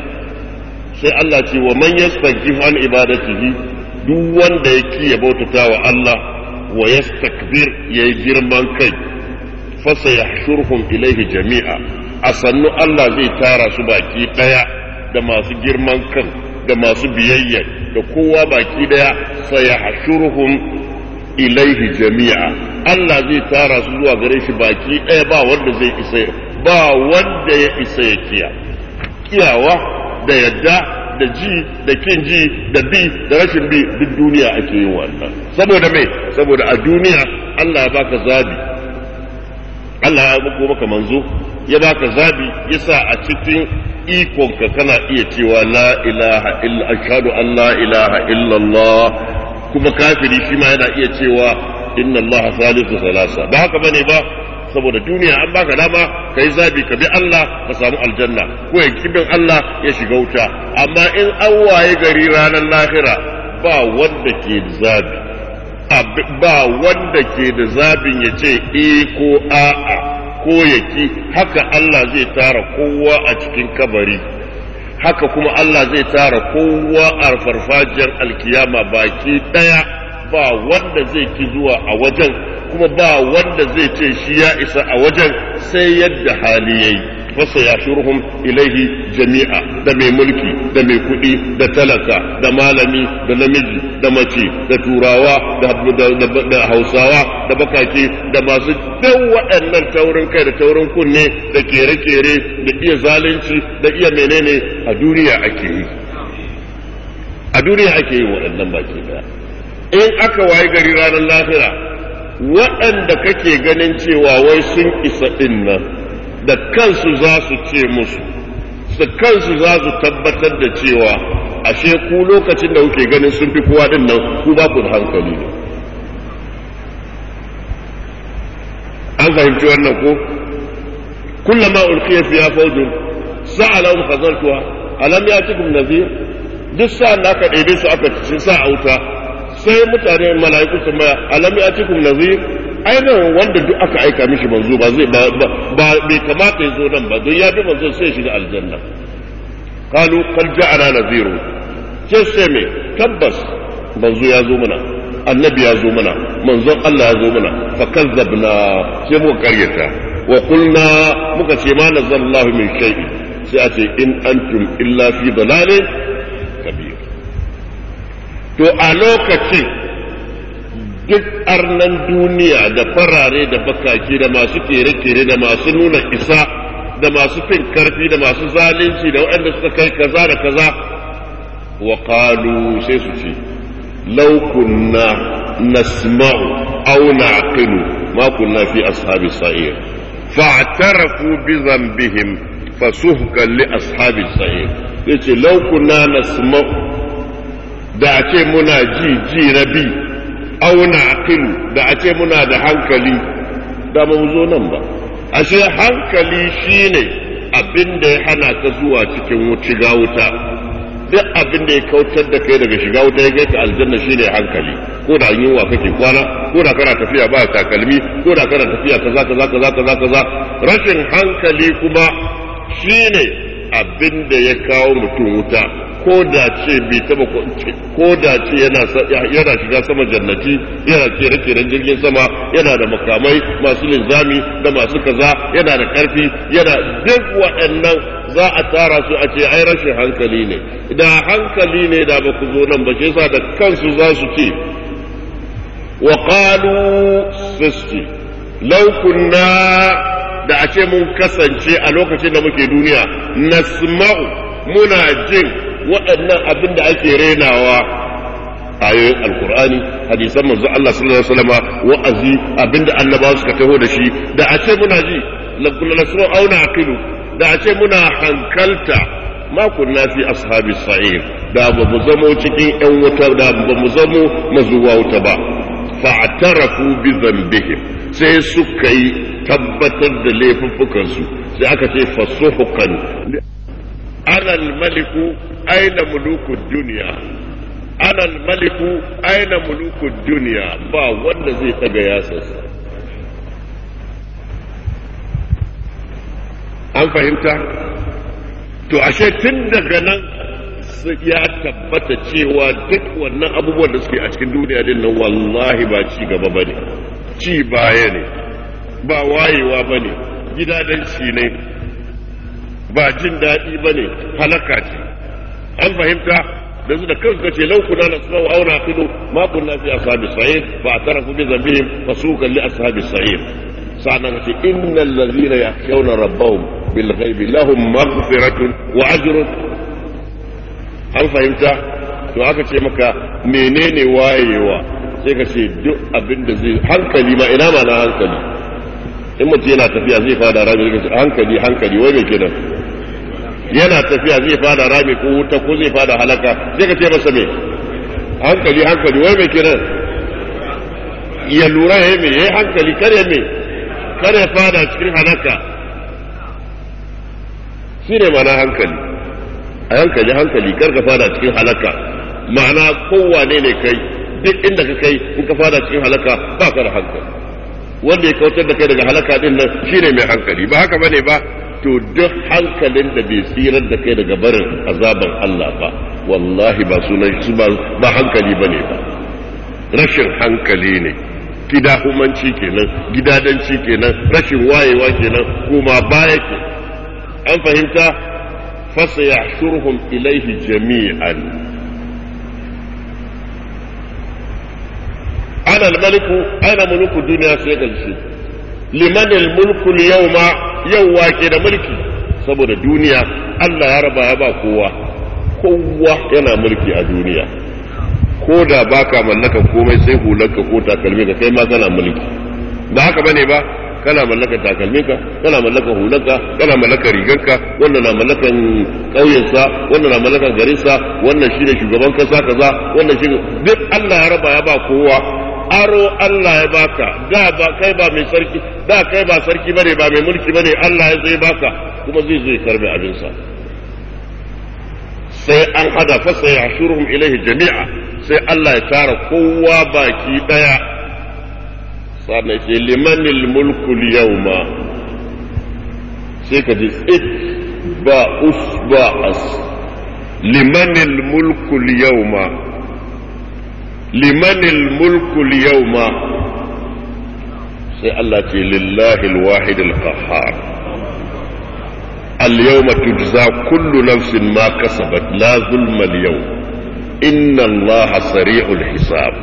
sai Allah ce wa man yastaghfiru an ibadatihi duk wanda yake ya wa Allah wa yastakbir yayi girman kai fasa shurhun ilaihi jami'a a sannu Allah zai tara su baki daya da masu girman kan da masu biyayya da kowa baki daya fa shurhun ilaihi jami'a Allah zai tara su zuwa gare shi baki daya ba wanda zai isa ba wanda ya isa ya kiya kiyawa da yadda da ji da kin ji da bi da rashin bi duk duniya ake yin wannan saboda me saboda a duniya Allah ya baka zabi Allah ya muku maka manzo ya baka zabi yasa a cikin ikonka kana iya cewa la ilaha illa ashhadu an la ilaha kuma kafiri shi ma yana iya cewa inna Allah salisu salasa ba haka bane ba saboda duniya an baka dama yi zabi ka bi Allah ka samu aljanna ko ya kibin Allah ya shiga wuta amma in an waye gari ranar lahira ba wanda ke zabi ba wanda ke da zabin ya ce e ko a'a ko ya ki haka Allah zai tara kowa a cikin kabari haka kuma Allah zai tara kowa a farfajiyar alkiyama baki daya ba wanda zai ki zuwa a wajen kuma ba wanda zai ce shi ya isa a wajen sai yadda hali yayi fasayashuruhum ilaihi jami'a da mai mulki da mai kudi da talaka da malami da namiji da mace da turawa da hausawa da bakake da masu duk waɗannan taurin kai da taurin kunne da kere-kere da iya zalunci da iya menene a duniya ake yi a duniya ake yi waɗannan baki da. in aka wayi gari ranar lahira waɗanda kake ganin cewa wai sun isa ɗin da kansu za su ce musu da kansu za su tabbatar da cewa ashe ku lokacin da kuke ganin sun fi kowa din nan ku ba ku da hankali ne an fahimci wannan ko Kullum kullama ulqiya fiha fawjun sa'alahum khazantuha alam yatikum nazir? duk sa'an da aka ɗebe su aka ci sa a wuta sai mutane mala'iku su maya alam yatikum nazir? ainihin wanda duk aka aika mishi manzo ba zai ba bai kamata ya zo nan ba don ya bi manzo sai shiga aljanna kalu qad ja'ala nadhiru sai sai me tabbas manzo ya zo mana annabi ya zo mana manzon Allah ya zo mana fa kazzabna sai muka karyata wa qulna muka ce ma nazzallahu min shay'i sai a ce in antum illa fi dalalin kabir to a lokacin duk arnan duniya da farare da bakaki da masu kere-kere da masu nuna isa da masu fin karfi da masu zalunci da waɗanda suka kai kaza da kaza wa kalu sai su ce law kunna nasma'u aw naqilu ma kunna fi ashabi sa'ir fa'tarafu bi dhanbihim fasuhkan li ashabi sa'ir yace laukuna na nasma'u da ce muna ji ji rabi auna aqil da a ce muna da hankali da ba nan ba ashe hankali shine abin da ya hana ka zuwa cikin shiga wuta duk abin da ya kautar da kai daga shiga wuta ya kai ka aljanna shine hankali ko da an yunwa kake kwana ko da kana tafiya ba takalmi ko da kana tafiya kaza kaza kaza kaza kaza rashin hankali kuma shine abin da ya kawo mutum wuta ko ce bai taba ko da ce yana shiga sama jannati yana kere keren jirgin sama yana da makamai masu linzami da masu kaza yana da karfi yana duk waɗannan za a tara su a ce ai rashin hankali ne da hankali ne da ba ku zo nan ba shi yasa da kansu za su ce wa qalu sisti law kunna da a ce mun kasance a lokacin da muke duniya nasma'u muna jin waɗannan abin da ake renawa ayoyin alkur'ani hadisan manzo Allah sallallahu alaihi wasallam wa'azi abinda annabawa suka taho da shi da a ce muna ji la kullu auna aqilu da a ce muna hankalta ma kunna fi ashabi sa'ir da ba mu zamo cikin yan wuta da ba mu zamo mazuwa wuta ba fa'tarafu bi dhanbihim sai suka yi tabbatar da laifukan sai aka ce fasuhukan ana maliku aina mulukun duniya anan maliku aina mulukun duniya ba wanda zai daga yasarsa an fahimta to ashe tun daga nan ya tabbata cewa duk wannan abubuwan da suke a cikin duniya din nan wallahi ba ci gaba ba ci baya ne ba wayewa ba ne gidadanci ne ba jin daɗi bane ne halaka ce an fahimta da su da kansu ce lau kuna na tsawo auna kudu ma kunna fi ashabi sa'id fa atarafu bi dhanbihim fasuqan li ashabi sa'id sa'an ce innal ladhina yakhshawna rabbahum bil ghaibi lahum maghfiratun wa ajrun an fahimta to aka ce maka menene wayewa sai ka ce duk abin da zai hankali ma ina ma na hankali in mutum yana tafiya zai fada rami hankali hankali wai mai kenan yana tafiya zai fada rami ko wuta ko zai fada halaka sai ka ce masa me hankali hankali wai mai kiran ya lura ya me yayi hankali kare me kare fada cikin halaka ne mana hankali a hankali hankali kar ka fada cikin halaka ma'ana kowane ne kai duk inda ka kai in ka fada cikin halaka ba ka da hankali wanda ya kautar da kai daga halaka din nan shine mai hankali ba haka bane ba to duk hankalin da bai tsirar da kai daga barin azaban Allah ba wallahi ba sunan su ba hankali bane ba rashin hankali ne gida humanci kenan gidadanci kenan rashin wayewa kenan kuma baya ke an fahimta fasa ya shurhum ilaihi jami'an ana maliku ana duniya sai galshi liman mulku yawma yau ke da mulki saboda duniya Allah ya raba ya ba kowa kowa yana mulki a duniya ko da baka mallaka komai sai hulanka ko takalmi ka kai ma kana mulki ba haka bane ba kana mallaka takalminka kana mallaka hulanka kana mallaka riganka wannan na mallakan ƙauyensa wannan na mallakan garinsa wannan shine shugaban kasa kaza wannan shine duk Allah ya raba ya ba kowa aro Allah ya baka da ba kai ba mai sarki da kai ba sarki bane ba mai mulki bane Allah ya zai baka kuma zai zai abin sa sai an hada fa sai yashuruhum ilaihi jami'a sai Allah ya tara kowa baki daya sannan ce limanil mulku yawma sai ka ji it ba usba as limanil mulku yawma لمن الملك اليوم sai Allah ce lillahi alwahid alqahhar اليوم تجزى كل نفس ما كسبت لا ظلم اليوم إن الله سريع الحساب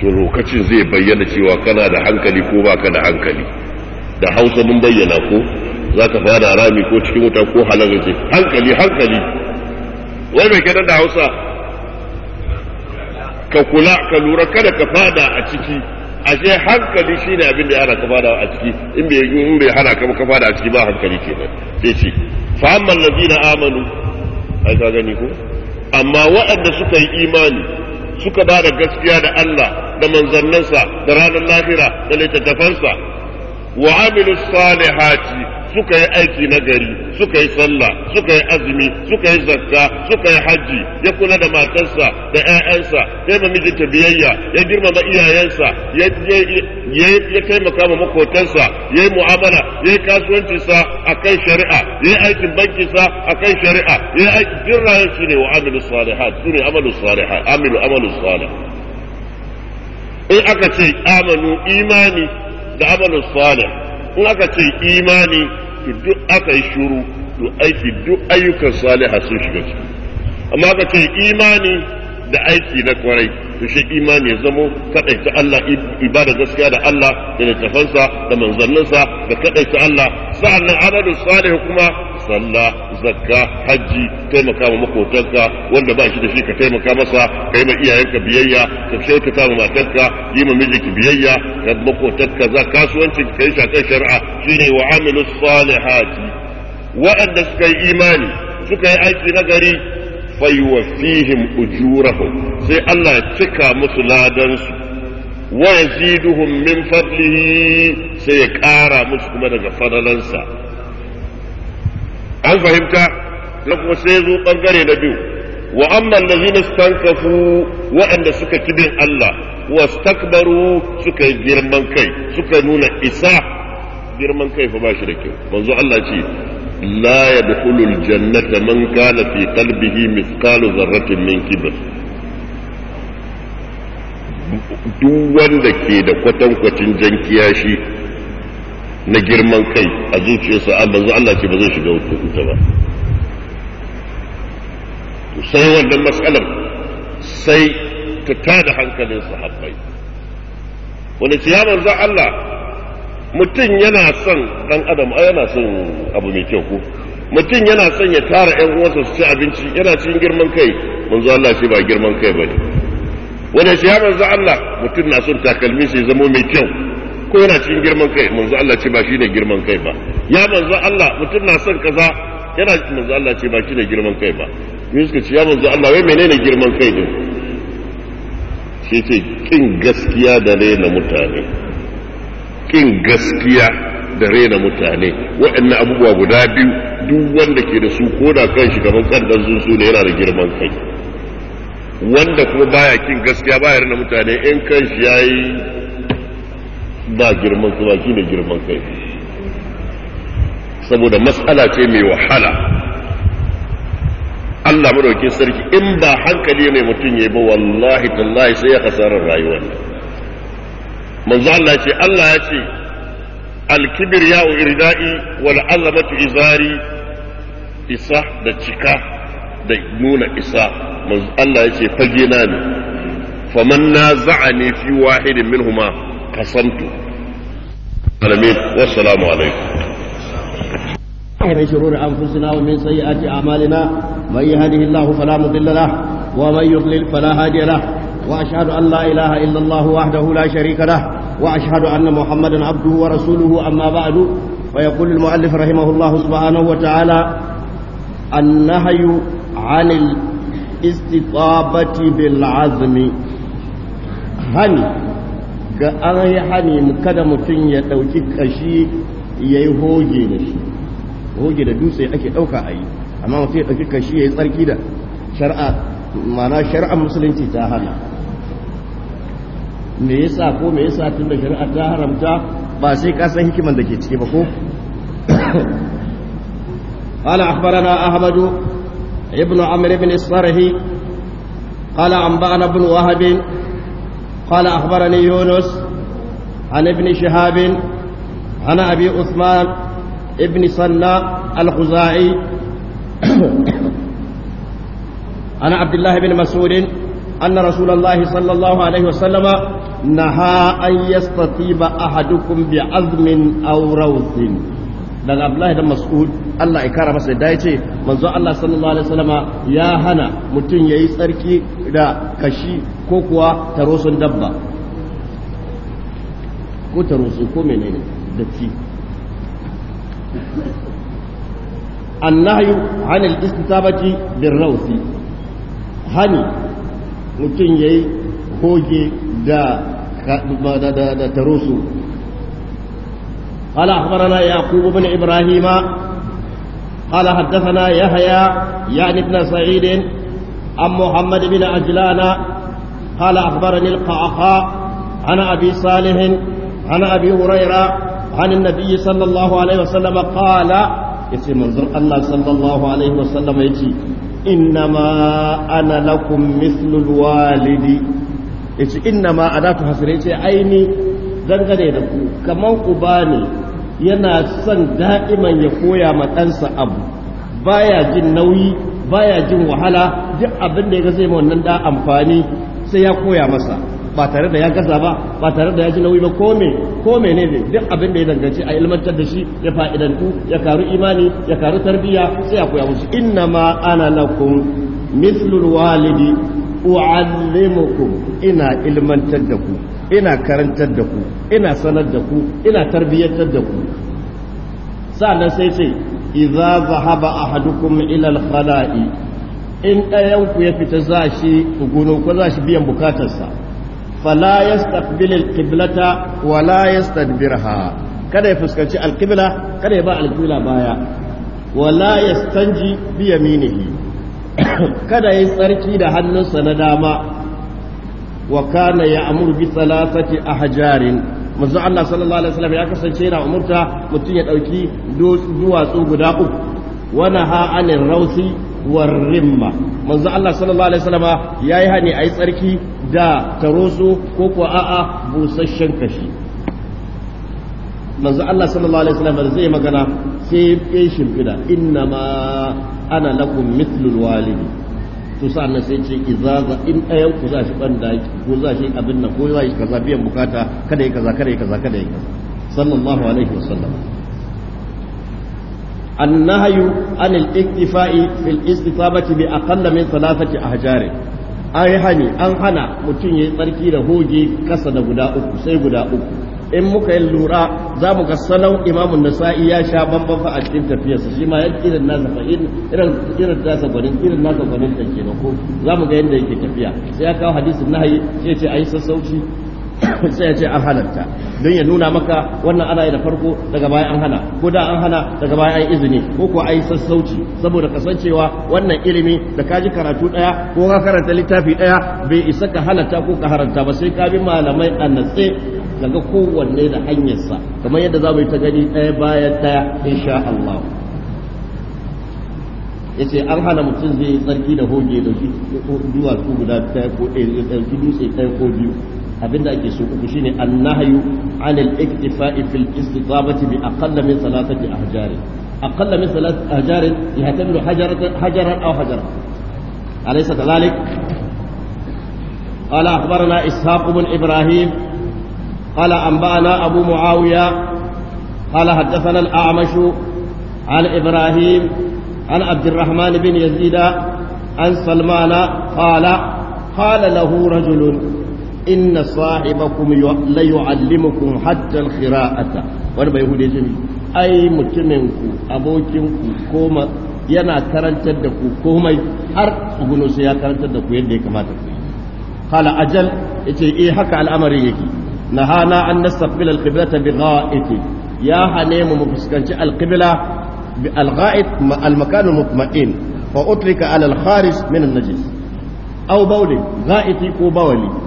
to lokacin zai bayyana cewa kana da hankali ko baka da hankali da hausa mun bayyana ko za ka fara rami ko cikin wuta ko halar hankali hankali wai mai kenan da hausa ka kula ka lura kada ka fada a ciki ashe hankali shi ne abin da ya hana ka fada a ciki in bai in bai hana ka ka fada a ciki ba hankali kenan sai ce fa amman ladina amanu ai ka gani ko amma waɗanda suka yi imani suka ba da gaskiya da Allah da manzannansa da ranar lahira da littattafansa wa amilu salihati suka yi aiki na gari suka yi sallah suka yi azumi suka yi zakka suka yi haji ya kula da matarsa da ƴaƴansa ya mijinta biyayya ya girmama iyayensa ya taimaka ma makotansa ya yi mu'amala ya yi kasuwancinsa a kan shari'a ya yi aikin bankinsa a kan shari'a ya yi aikin jirrayen su ne wa amilu salihat su ne amalu salihat amilu amalu salih in aka ce amanu imani da amalin salih in aka ce imani to duk aka yi shuru to aiki duk ayyukan a sun shiga amma aka ce imani da aiki na kwarai to shi imani ya zamo kadaita Allah ibada gaskiya da Allah da littafansa da manzanninsa da kadaita Allah sa'annan amalu salih kuma sallah zakka haji taimaka ma makotanka wanda ba shi da shi ka taimaka masa kai ma iyayenka biyayya ka kyautata ma matarka yi ma mijinki biyayya ka makotanka za kasuwanci ka yi shakar shari'a shine wa amilu salihati wa'anda suka yi imani suka yi aiki na gari fayuwaffihim ujurahum sai Allah ya cika musu ladansu wa yaziduhum min fadlihi sai ya ƙara musu kuma daga fadalansa an fahimta na kuma sai zo bangare na biyu wa amma allazina stankafu waɗanda suka kibin Allah wastakbaru suka yi girman kai suka nuna isa girman kai fa ba shi da kyau manzo Allah ce لا يدخل الجنة من كان في قلبه مثقال ذرة من كبر duk wanda ke da kwatankwacin jan kiyashi na girman kai a zuciyarsa an banzu Allah ce ba zai shiga wuta ba to sai wannan matsalar sai ta tada hankalin sahabbai wani ce ya manzo Allah mutum yana son dan adam yana son abu mai kyau ko mutum yana son ya tara ƴan uwansa su ci abinci yana cikin girman kai manzo Allah shi ba girman kai ne wanda shi ya manzo Allah mutum na son takalmi sai zama mai kyau ko yana cikin girman kai manzo Allah shi ba ne girman kai ba ya manzo Allah mutum na son kaza yana manzo Allah shi ba ne girman kai ba me suka ci ya manzo Allah wai menene girman kai din shi ce kin gaskiya da na mutane kin gaskiya da rena mutane waɗannan abubuwa guda biyu duk wanda ke da su ko da kan shi gaban kan su ne yana da girman kai wanda kuma baya kin gaskiya baya rena mutane in kan shi yayi ba girman kai ba da girman kai saboda matsala ce mai wahala Allah madaukin sarki in ba hankali ne mutum ya ba wallahi tallahi sai ya kasarar rayuwar manzo Allah ce Allah ya ce alkibir ya'u irdai wal azamatu izari isa da cika da nuna isa manzo Allah ya ce fage na ne faman naza'ani fi wahidin minhuma qasamtu alamin wassalamu alaikum من شرور أنفسنا ومن سيئات أعمالنا من يهده الله فلا مضل له ومن يضلل فلا هادي له وأشهد أن لا إله إلا الله وحده لا شريك له وأشهد أن محمدا عبده ورسوله أما بعد فيقول المؤلف رحمه الله سبحانه وتعالى النهي عن الاستطابة بالعزم هني ga an yi hani kada mutum ya ɗauki kashi ya yi hoge da shi hoge da dutse ɗauka a yi amma mutum ya ɗauki ya yi tsarki da shari'a ma'ana shari'ar musulunci ta hana me yasa ko me yasa tun da shari'a ta haramta ba sai ka san hikiman da ke ciki ba ko قال أخبرنا أحمد ابن عمرو بن الصرهي قال أنبأنا ابن وهب قال أخبرني يونس عن ابن شهاب عن أبي عثمان ابن صلاء الخزاعي عن عبد الله بن مسعود أن رسول الله صلى الله عليه وسلم نهى أن يستطيب أحدكم بعظم أو روث daga Abdullahi dan Mas'ud Allah ya kara masa da yace manzo Allah sallallahu alaihi wasallama ya hana mutum yayi tsarki da kashi ko kuwa tarosun dabba ko tarosu ko menene datti annahyu 'an al-istitabati bir-rawsi mutum ya yi goge da tarusu قال أخبرنا يعقوب بن إبراهيم قال حدثنا يحيى يعني ابن سعيد عن محمد بن عجلان قال أخبرني القعقاع عن أبي صالح عن أبي هريرة عن النبي صلى الله عليه وسلم قال اسم منظر الله صلى الله عليه وسلم يتي innama ana lakum mislul walidi yace innama adatu hasira yace aini dangane da ku kaman uba ne yana son da'iman ya koya ma ɗansa abu baya jin nauyi baya jin wahala duk abin da ya ga zai ma wannan da amfani sai ya koya masa ba tare da ya gaza ba ba tare da ya ji nauyi ba ko me ko ne duk abin da ya danganci a ilmantar da shi ya fa'idantu ya karu imani ya karu tarbiyya sai ya koya musu inna ma ana lakum mislul walidi u'allimukum ina ilmantar da ku ina karantar da ku ina sanar da ku ina tarbiyyantar da ku sa'annan sai sai idza zahaba ahadukum ila al-khala'i in ɗayanku ya fita za shi tsuguno ko za shi biyan bukatarsa fala yastaqbil alqiblata wa la kada ya fuskanci alqibla kada ya ba alqibla baya wa la yastanji biya kada ya tsarki da hannunsa na dama wa kana ya'muru bi a hajarin. manzo Allah sallallahu alaihi wasallam ya kasance yana umurta mutum ya dauki duwatsu guda uku wa naha anir warrimma manzo Allah sallallahu alaihi wasallama yayi hani ayi tsarki da taroso ko ko a'a busasshen kashi manzo Allah sallallahu alaihi wasallama zai magana sai ya fida inna ma ana lakum mithlul walidi to sannan sai ce izaza in ɗayan ku za shi banda ko za shi abin nan ko za shi kaza biyan bukata kada yi kaza kada yi kaza kada yi kaza sallallahu alaihi wasallam النهي عن الاكتفاء في الاستفامة بأقل من ثلاثة أحجار أي هني أن هنا متين يتركي لهوجي كسد غدا أكو سي غدا أكو in muka yi lura za mu ga salau imamun nasa'i ya sha bamban fa a cikin tafiyarsa shi ma irin nasa nasa gwanin irin nasa gwanin ta kenan ko za mu ga yadda yake tafiya sai ya kawo hadisin nahayi sai ya ce ayi sassauci sai ya ce an halarta don ya nuna maka wannan ana yi da farko daga baya an hana ko da an hana daga baya ayi izini ko ko ai sassauci saboda kasancewa wannan ilimi da ka ji karatu daya ko ka karanta littafi daya bai isa ka halatta ko ka haranta ba sai ka bi malamai a natse daga kowanne da hanyarsa kamar yadda za mu yi ta gani daya bayan daya insha Allah yace an hana mutum zai yi tsarki da hoge da shi duwatsu guda ɗaya ko ɗaya eh, dutse ɗaya ko biyu abinda ake so uku shine annahyu anil iktifa'i fil istitabati bi aqalla min salasati ahjar aqalla min salasati ahjar yahtamilu hajaratan hajaran aw hajar alaysa kadhalik قال أخبرنا إسحاق بن إبراهيم قال أنبأنا أبو معاوية قال حدثنا الأعمش عن إبراهيم عن عبد الرحمن بن يزيد عن سلمان قال قال له رجل inna sahibakum la yu'allimukum hatta al-qira'ata wani bai hude shi ai mutumin ku abokin ku koma yana karantar da ku komai har guno sai ya karantar da ku yadda ya kamata ku qala ajal yace eh haka al'amarin yake nahana an nastaqbil al-qiblata bi gha'iti ya hane mu mu fuskanci al-qibla bi al-gha'it al-makan mutma'in fa utlika ala al-kharij min an-najis aw bawli gha'iti ko bawli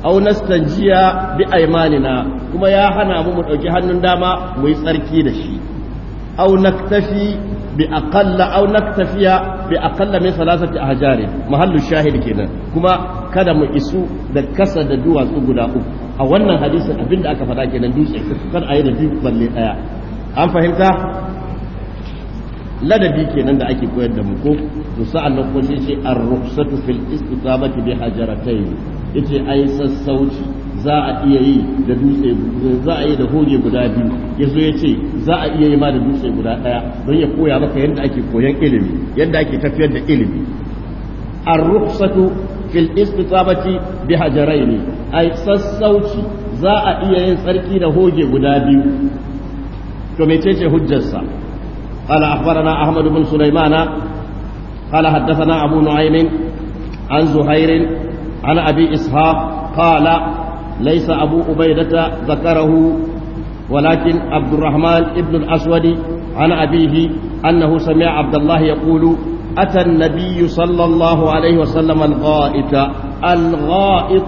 aw nastanjiya bi aymanina kuma ya hana mu mu dauki hannun dama mu yi tsarki da shi aw naktafi bi aqalla aw naktafiya bi aqalla min salasati ahjari mahallu shahid kenan kuma kada mu isu da kasa da duwatsu guda uku a wannan hadisin abinda aka faɗa kenan dutse kan a yi da biyu balle daya an fahimta ladabi kenan da ake koyar da mu ko to sa'an nan ko sai ce ar-rukhsatu fil istiqamati bi hajaratayn yace ai sassauci za a iya yi da dutse za a yi da hoge guda biyu Ya zo ya ce za a iya yi ma da dutse guda daya don ya koya maka yadda ake koyan ilimi yadda ake tafiyar da ilimi ar Ruksatu, fil istitabati bi hajaraini ai sassauci za a iya yin tsarki da hoge guda biyu to mecece hujjarsa قال أخبرنا أحمد بن سليمان قال حدثنا أبو نعيم عن زهير عن أبي إسحاق قال ليس أبو أبيدة ذكره ولكن عبد الرحمن ابن الأسود عن أبيه أنه سمع عبد الله يقول أتى النبي صلى الله عليه وسلم الغائط الغائط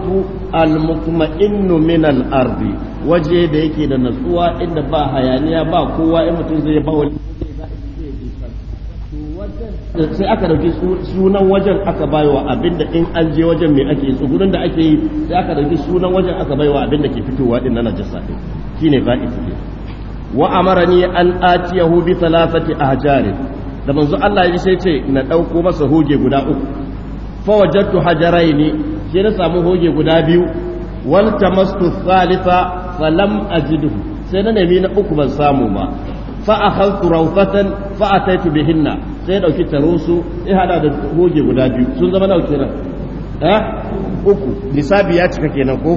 المطمئن من الأرض وجه da yake da natsuwa inda ba hayaniya ba kowa in mutum zai ba wani sai aka dauki sunan wajen aka baiwa abinda in an je wajen mai ake su gurin da ake yi sai aka dauki sunan wajen aka baiwa abinda ke fitowa din na najasa din shine ba'is ke wa amarani an atiyahu bi thalathati ahjarin da manzo Allah ya sai ce na dauko masa hoge guda uku fa wajadtu hajaraini shi na samu hoge guda biyu wal tamastu thalitha falam ajidhu sai na nemi na uku ban samu ba fa akhadtu rawfatan fa bihinna sai dauki tarusu eh? ko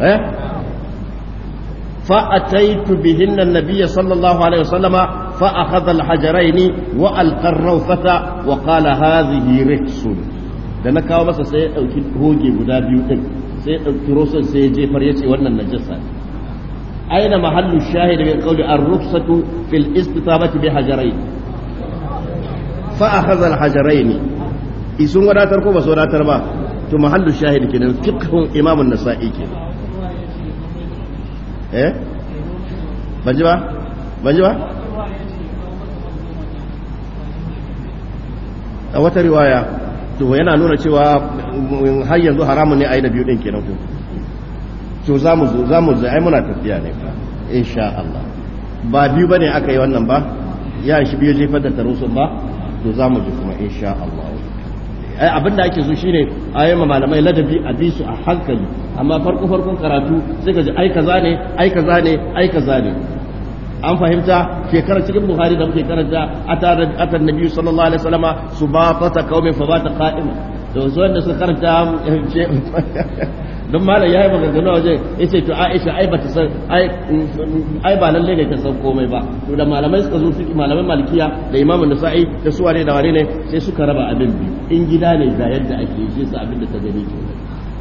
eh fa ataitu bihinna annabiyya sallallahu da na kawo masa sai ya goge guda biyu sai ya dauki rosan sai ya jefar wannan najasa ne aina محل الشاهد من قول الرخصة في الاستطابة بحجرين فأخذ الحجرين fa ولا تركوا بس ولا wadatar ko ba su wadatar ba to النسائي كنا kenan بجبا بجبا a wata riwaya to yana nuna cewa har yanzu haramun ne a yi na biyu ɗin kenan ko to za mu zo za mu zo ai muna tafiya ne fa insha Allah ba biyu bane aka yi wannan ba ya shi biyu jefar da sun ba to za mu ji kuma insha Allah ai abin da ake so shine ayi ma malamai ladabi a bi su a hankali amma farko farkon karatu sai ka ji ai kaza ne ai kaza ne ai kaza ne an fahimta shekarar cikin buhari da muke karanta atan nabi sallallahu alaihi wasallama su ba fata kaume fa ba ta qa'ima to wanda suka karanta don malam yi maganganu waje ce to Aisha ai ta san ai ba lalle ne ta san komai ba to da malamai suka zo su malamai malikiya da imamu nasa'i da su wane da wane ne sai suka raba abin biyu in gida ne ga yadda ake yi sai abin da ta gani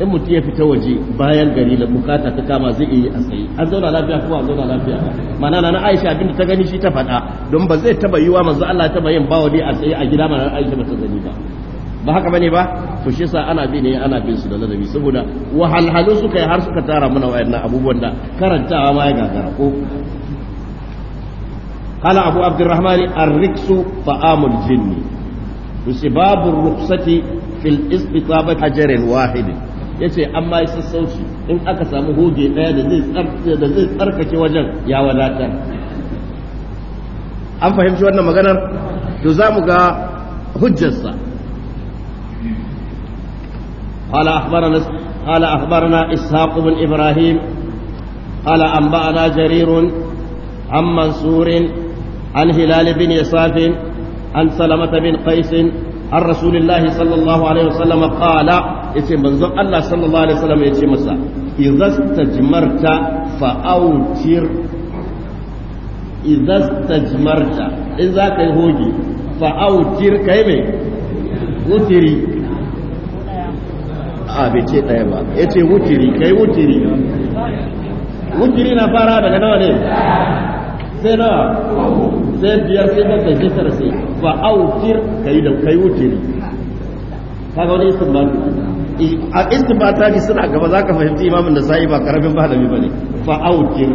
in mutum ya fita waje bayan gari da bukata ta kama zai iya a tsaye an zauna lafiya kuma an zauna lafiya mana na na Aisha abin da ta gani shi ta faɗa don ba zai taba yiwa manzo Allah ta bayin bawa ne a tsaye a gida mana Aisha ba ta gani ba ba haka bane ba to shi yasa ana bi ana bin su da ladabi saboda wahalhalu suka yi har suka tara mana wayannan abubuwan da karantawa ma ya gagara ko kala abu abdurrahman ar-riksu طعام الجن باب الرخصة في الاستطابة حجر واحد ya ce an ma sassauci in aka samu hoge daya da zai tsarkake wajen ya wadatar an fahimci wannan maganar to za mu ga hujjarsa قال أخبرنا قال أخبرنا إسحاق بن إبراهيم قال أنبأنا جرير عن منصور عن هلال بن يساف عن سلمة بن قيس عن رسول الله صلى الله عليه وسلم قال اسم منزل الله صلى الله عليه وسلم يتيم إذا استجمرت فأوتر إذا استجمرت إذا كهوجي فأوتر كيمي وتري a bai ɗaya ba ya ce wutiri kai wutiri wutiri na fara daga nawa ne sai nawa sai biyar sai bakwai sai tara sai fa autir kai da kai wutiri kaga wani istinbat a ta ne suna gaba za ka fahimci imamin da sa'i ba karamin ba da bi ba ne fa autir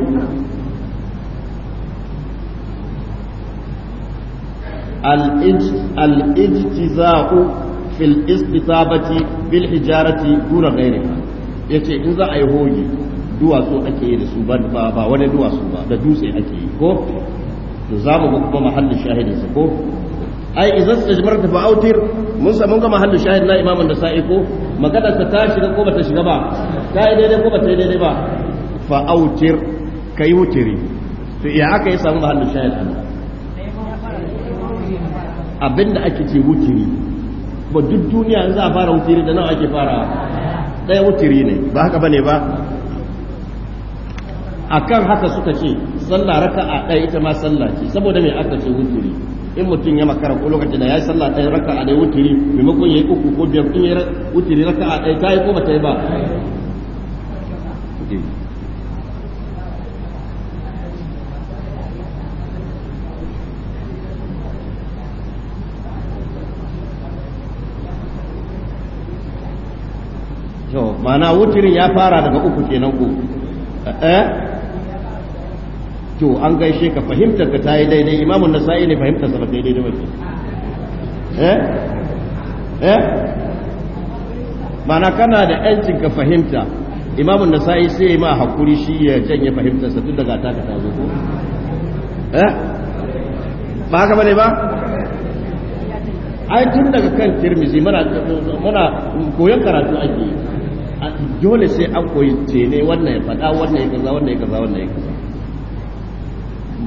al-ijtiza'u fil istitabati bil hijarati dura ghairiha yace in za a yi hoge duwatsu ake yi da su ba ba wani duwatsu ba da dutse ake yi ko to za mu kuma mahallin shahidin sa ko ai idan istajmarta fa autir mun samu ga mahallin shahid na imamin da sa'i ko magana ta ta shiga ko bata shiga ba ta yi daidai ko bata yi daidai ba fa autir kai wutiri to ya aka yi samu mahallin shahid abinda ake ce wutiri ba duk duniya in za a fara wutiri da nawa ake fara ɗaya wutiri ne ba haka bane ba kan haka suka ce sallah a ɗaya ita ma sallah ce saboda me aka ce wutiri in mutum ya makara ko lokacin da ya yi sallah ɗaya a ɗaya wutiri maimakon ya yi uku ko biyar in ya wutiri raka'a ɗaya ta yi ko ba ta yi ba ma'ana wutirin ya fara daga uku kenan ku. eh to an gaishe ka fahimtar ka tayi daidai imamun nasa'i ne fahimtar sa ba tayi daidai ba eh eh ma'ana kana da yancin ka fahimta imamun nasa'i sai ma hakuri shi ya janye fahimtar sa tun daga taka ta zo ko eh ba haka bane ba ai tun daga kan tirmizi muna muna koyon karatu ake yi dole sai an koyi tene wannan ya faɗa wannan ya kaza wannan ya kaza wannan ya kaza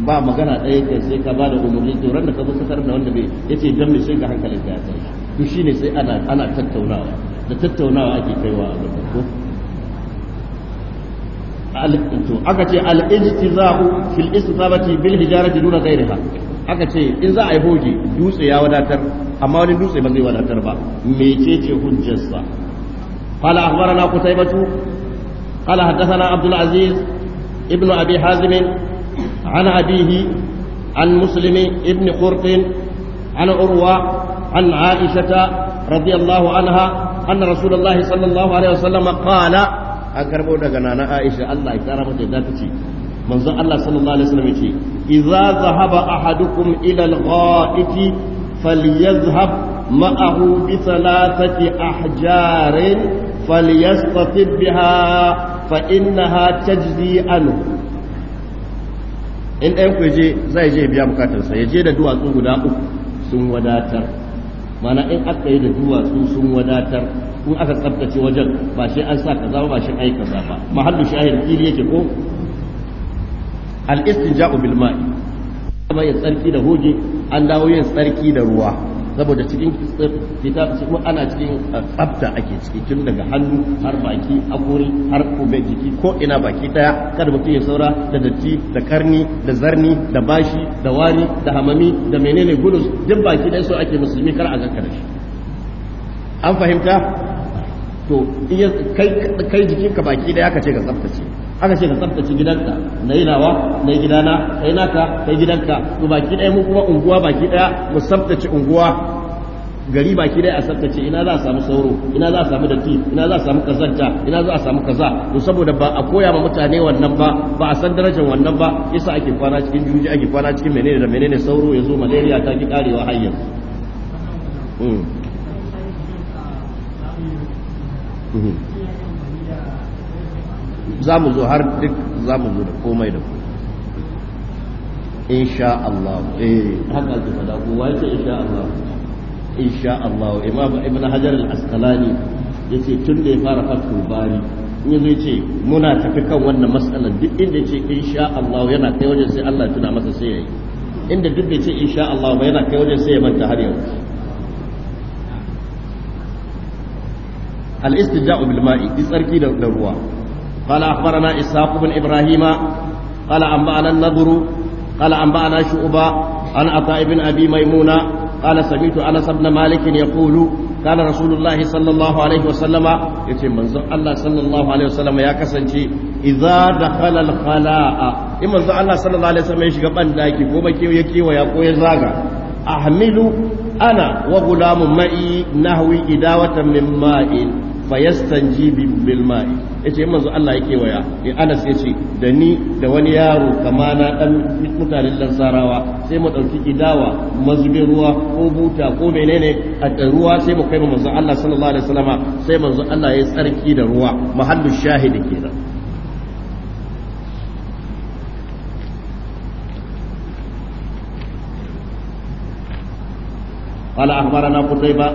ba magana ɗaya ka sai ka bada umarni to ran da ka zo da wanda bai yace dan me sai ga hankalin ka ya tsaya to shine sai ana ana tattaunawa da tattaunawa ake kaiwa a gaba ko to aka ce al-ijtiza'u fil istisabati bil hijarati duna ghayriha aka ce in za a yi hoji dutse ya wadatar amma wani dutse ba zai wadatar ba mecece hujjarsa قال أخبرنا قتيبة قال حدثنا عبد العزيز ابن أبي حازم عن أبيه عن مسلم ابن قرط عن عروة عن عائشة رضي الله عنها أن رسول الله صلى الله عليه وسلم قال أكربوا دقنا عائشة الله يكرمك ذاتك manzon Allah sallallahu alaihi wasallam yace idza zahaba ahadukum ila al-gha'iti falyazhab ma'ahu bi thalathati ahjarin فليستطب بها فإنها تجزي عنه in ɗayan ku je zai je biya bukatarsa ya je da duwatsu guda uku sun wadatar mana in aka yi da duwatsu sun wadatar in aka tsabtace wajen ba shi an sa kaza ba shi ai kaza ba mahallu shahid kili yake ko al istinja'u bil ma'i kuma ya tsarki da hoje an dawo yin tsarki da ruwa saboda cikin kuma ana cikin uh, tsafta ake ciki tun daga hannu har baki hakuri har kube jiki ko ina baki daya kada mutum ya saura da datti da karni da zarni da bashi da wari da hamami da menene gulus duk baki daya so ake musulmi kar a ganka da shi an fahimta to kai jikinka baki daya ka ce ka tsaftace aka ce ka tsaftace gidanka na yi nawa na yi gidana kai naka kai gidanka to baki ɗaya mu kuma unguwa baki ɗaya mu tsaftace unguwa gari baki ɗaya a tsaftace ina za a samu sauro ina za a samu datti ina za a samu kazanta ina za a samu kaza to saboda ba a koya ma mutane wannan ba ba a san darajar wannan ba yasa ake kwana cikin juji ake kwana cikin menene da menene sauro ya zo malaria ta ki karewa har yanzu mm za mu zo har duk za mu zo da komai da komai sha Allah eh haka ke fada ko wai ce sha Allah sha Allah imam ibn hajar al-asqalani yace tun da ya fara fatul bari in yazo yace muna tafi kan wannan matsalar duk inda yace sha Allah yana kai wajen sai Allah tuna masa sai yayi inda duk da yace sha Allah ba yana kai wajen sai ya manta har yau al-istija'u bil ma'i tsarki da ruwa قال أخبرنا إسحاق بن إبراهيم قال أنبأنا النضر قال أنبأنا شعبة عن عطاء بن أبي ميمونة قال سمعت أنس بن مالك يقول كان رسول الله صلى الله عليه وسلم يتي منزل الله صلى الله عليه وسلم يا كسنتي إذا دخل الخلاء إن منزل الله صلى الله عليه وسلم يشغب بان داكي كو بكي يكي ويقو يزاغا أحمل أنا وغلام معي نهوي إداوة من ماء ji bil ma'i yace ce manzo Allah yake waya in Anas ce da ni da wani yaro kama na dan mutanen lansarawa sai mu ɗauki gidawa mazubin ruwa ko buta ko menene a ruwa sai mu kai manzo Allah sallallahu alaihi wasallama sai manzo Allah ya tsarki da ruwa mahallu shahidi kenan قال أخبرنا قتيبة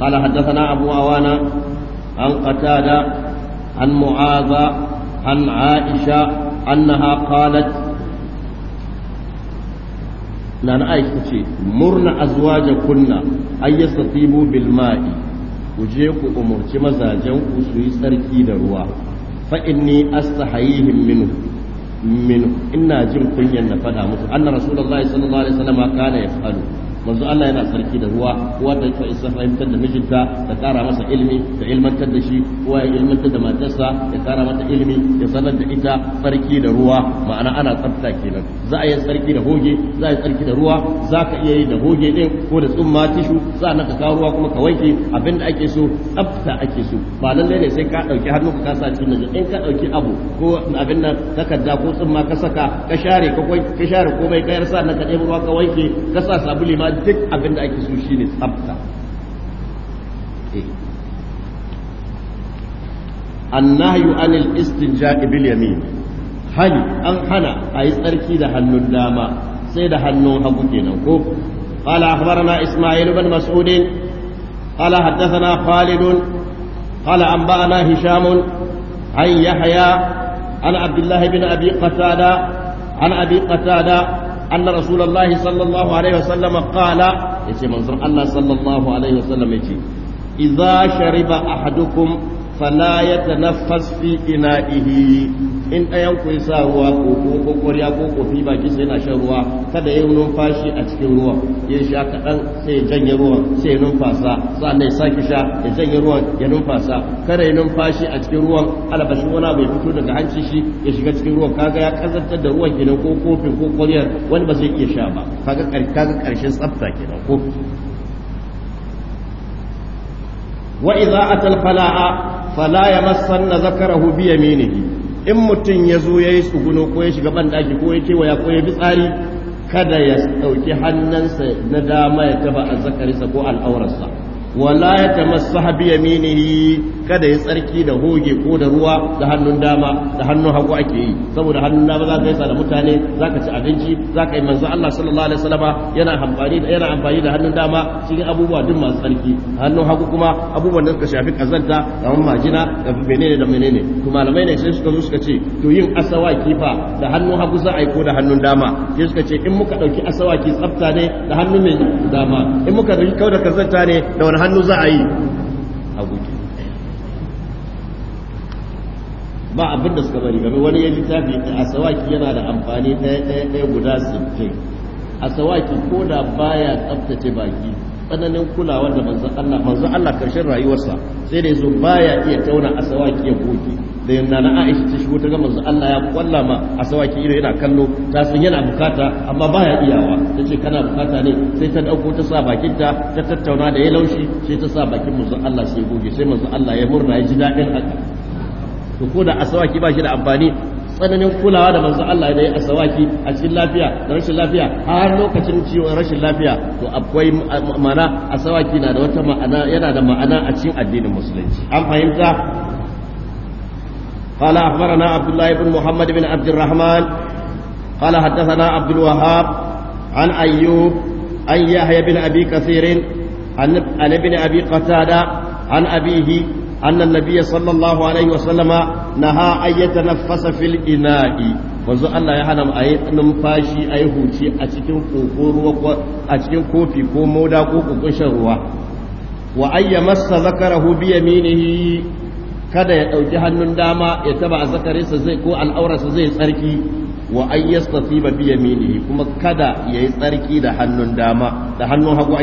قال حدثنا أبو عوانة عن قتادة عن معاذ عن عائشة أنها قالت نانا عائشة تشي مرن أزواجكن أن يستطيبوا بالماء وجيكو أمور كما زاجنكو سويسر كيد روا فإني أستحييهم منه منه إنا جم كنيا نفدا أن رسول الله صلى الله عليه وسلم كان يفعله manzo Allah yana sarki da ruwa uwa ta fa isa fahimtar da mijinta ta kara masa ilimi ta ilmantar da shi uwa ya ilmantar da matarsa ya kara mata ilimi ya sanar da ita sarki da ruwa ma'ana ana tsafta kenan za a yi sarki da hoge za a yi sarki da ruwa za ka iya yi da hoge din ko da tsumma tishu za na ka kawo ruwa kuma ka wanke abin da ake so tsafta ake so ba lalle ne sai ka dauki hannu ka kasa cikin najin in ka dauki abu ko abin nan takarda ko tsumma ka saka ka share ka share komai ka yarsa na ka ruwa ka wanke ka sa sabuli ma amma duk abin da ake so tsafta eh. annahyu anil istinja'i bil yamin an hana ayi tsarki da hannun dama sai da hannun hagu kenan ko قال أخبرنا إسماعيل بن مسعود قال حدثنا خالد قال أنبأنا هشام عن يحيى an عبد الله بن أبي قتادة عن أبي anna rasulullahi sallallahu alaihi wasallam qala yace manzon Allah sallallahu alaihi wasallam yace idza shariba ahadukum fala ya tanaffas ina ihi in ɗayan ku sa ruwa ko ko kwarya ko kofi baki sai yana shan ruwa kada ya numfashi a cikin ruwan ya sha kaɗan sai ya janye ruwan sai ya numfasa sannan ya sake sha ya janye ruwan ya numfasa kada ya numfashi a cikin ruwan alabashi wani bai fito daga hanci shi ya shiga cikin ruwan kaga ya kazantar da ruwan kenan ko kofin ko kwaryar wani ba zai iya sha ba kaga kaga karshen tsafta kenan ko wa idza atal fala'a fala ya masanna zakarahu biya in mutum ya zo ya yi tsuguno ko ya shiga banɗaki ko ya kewaya ko ya bi tsari kada ya ɗauki hannunsa na dama ya taba zakarisa ko al'aurarsa wala ya tamassaha bi yaminihi kada ya tsarki da hoge ko da ruwa da hannun dama da hannun hagu ake yi saboda hannun dama za ka yi da mutane za ka ci abinci za ka yi manzo Allah sallallahu alaihi wasallama yana amfani da yana amfani da hannun dama cikin abubuwa duk masu tsarki hannun hagu kuma abubuwan da suka shafi kazanta kamar majina da menene da menene to malamai ne sai suka zo suka ce to yin asawaki fa da hannun hagu za a yi ko da hannun dama sai suka ce in muka dauki asawaki tsafta ne da hannun mai dama in muka dauki kauda kazanta ne da wani hannu za a yi A hagu ba abin da suka bari game wani ya ji tafi sawaki yana da amfani ɗaya ɗaya ɗaya guda sittin sawaki ko da baya tsaftace baki tsananin kulawa da manzon Allah Allah karshen rayuwarsa sai da yazo baya iya tauna a sawaki ya goge da yanna na Aisha ta shigo ta ga manzon Allah ya kwalla ma sawaki ido yana kallo ta san yana bukata amma baya iyawa ta ce kana bukata ne sai ta dauko ta sa bakin ta ta tattauna da ya laushi sai ta sa bakin manzon Allah sai goge sai manzon Allah ya murna ya ji dadin haka to ko da asawaki ba shi da amfani tsananin kulawa da manzo Allah da ya asawaki a cikin lafiya da rashin lafiya har lokacin ciwon rashin lafiya to akwai ma'ana asawaki na da wata ma'ana yana da ma'ana a cikin addinin musulunci an fahimta قال أخبرنا عبد الله بن محمد بن عبد الرحمن قال حدثنا عبد الوهاب عن أيوب عن يحيى بن أبي كثير عن ابن أبي قتادة عن أبيه أن النبي صلى الله عليه وسلم نهى أن يتنفس في الإناء wanzu Allah ya hana a yi numfashi a yi huci a cikin koko ruwa a cikin kofi ko moda ko kokon ruwa wa ayya massa zakarahu bi yaminihi kada ya dauki hannun dama ya taba zakarinsa zai ko al'aurarsa zai tsarki wa an ba bi yaminihi kuma kada yayi tsarki da hannun dama da hannun hagu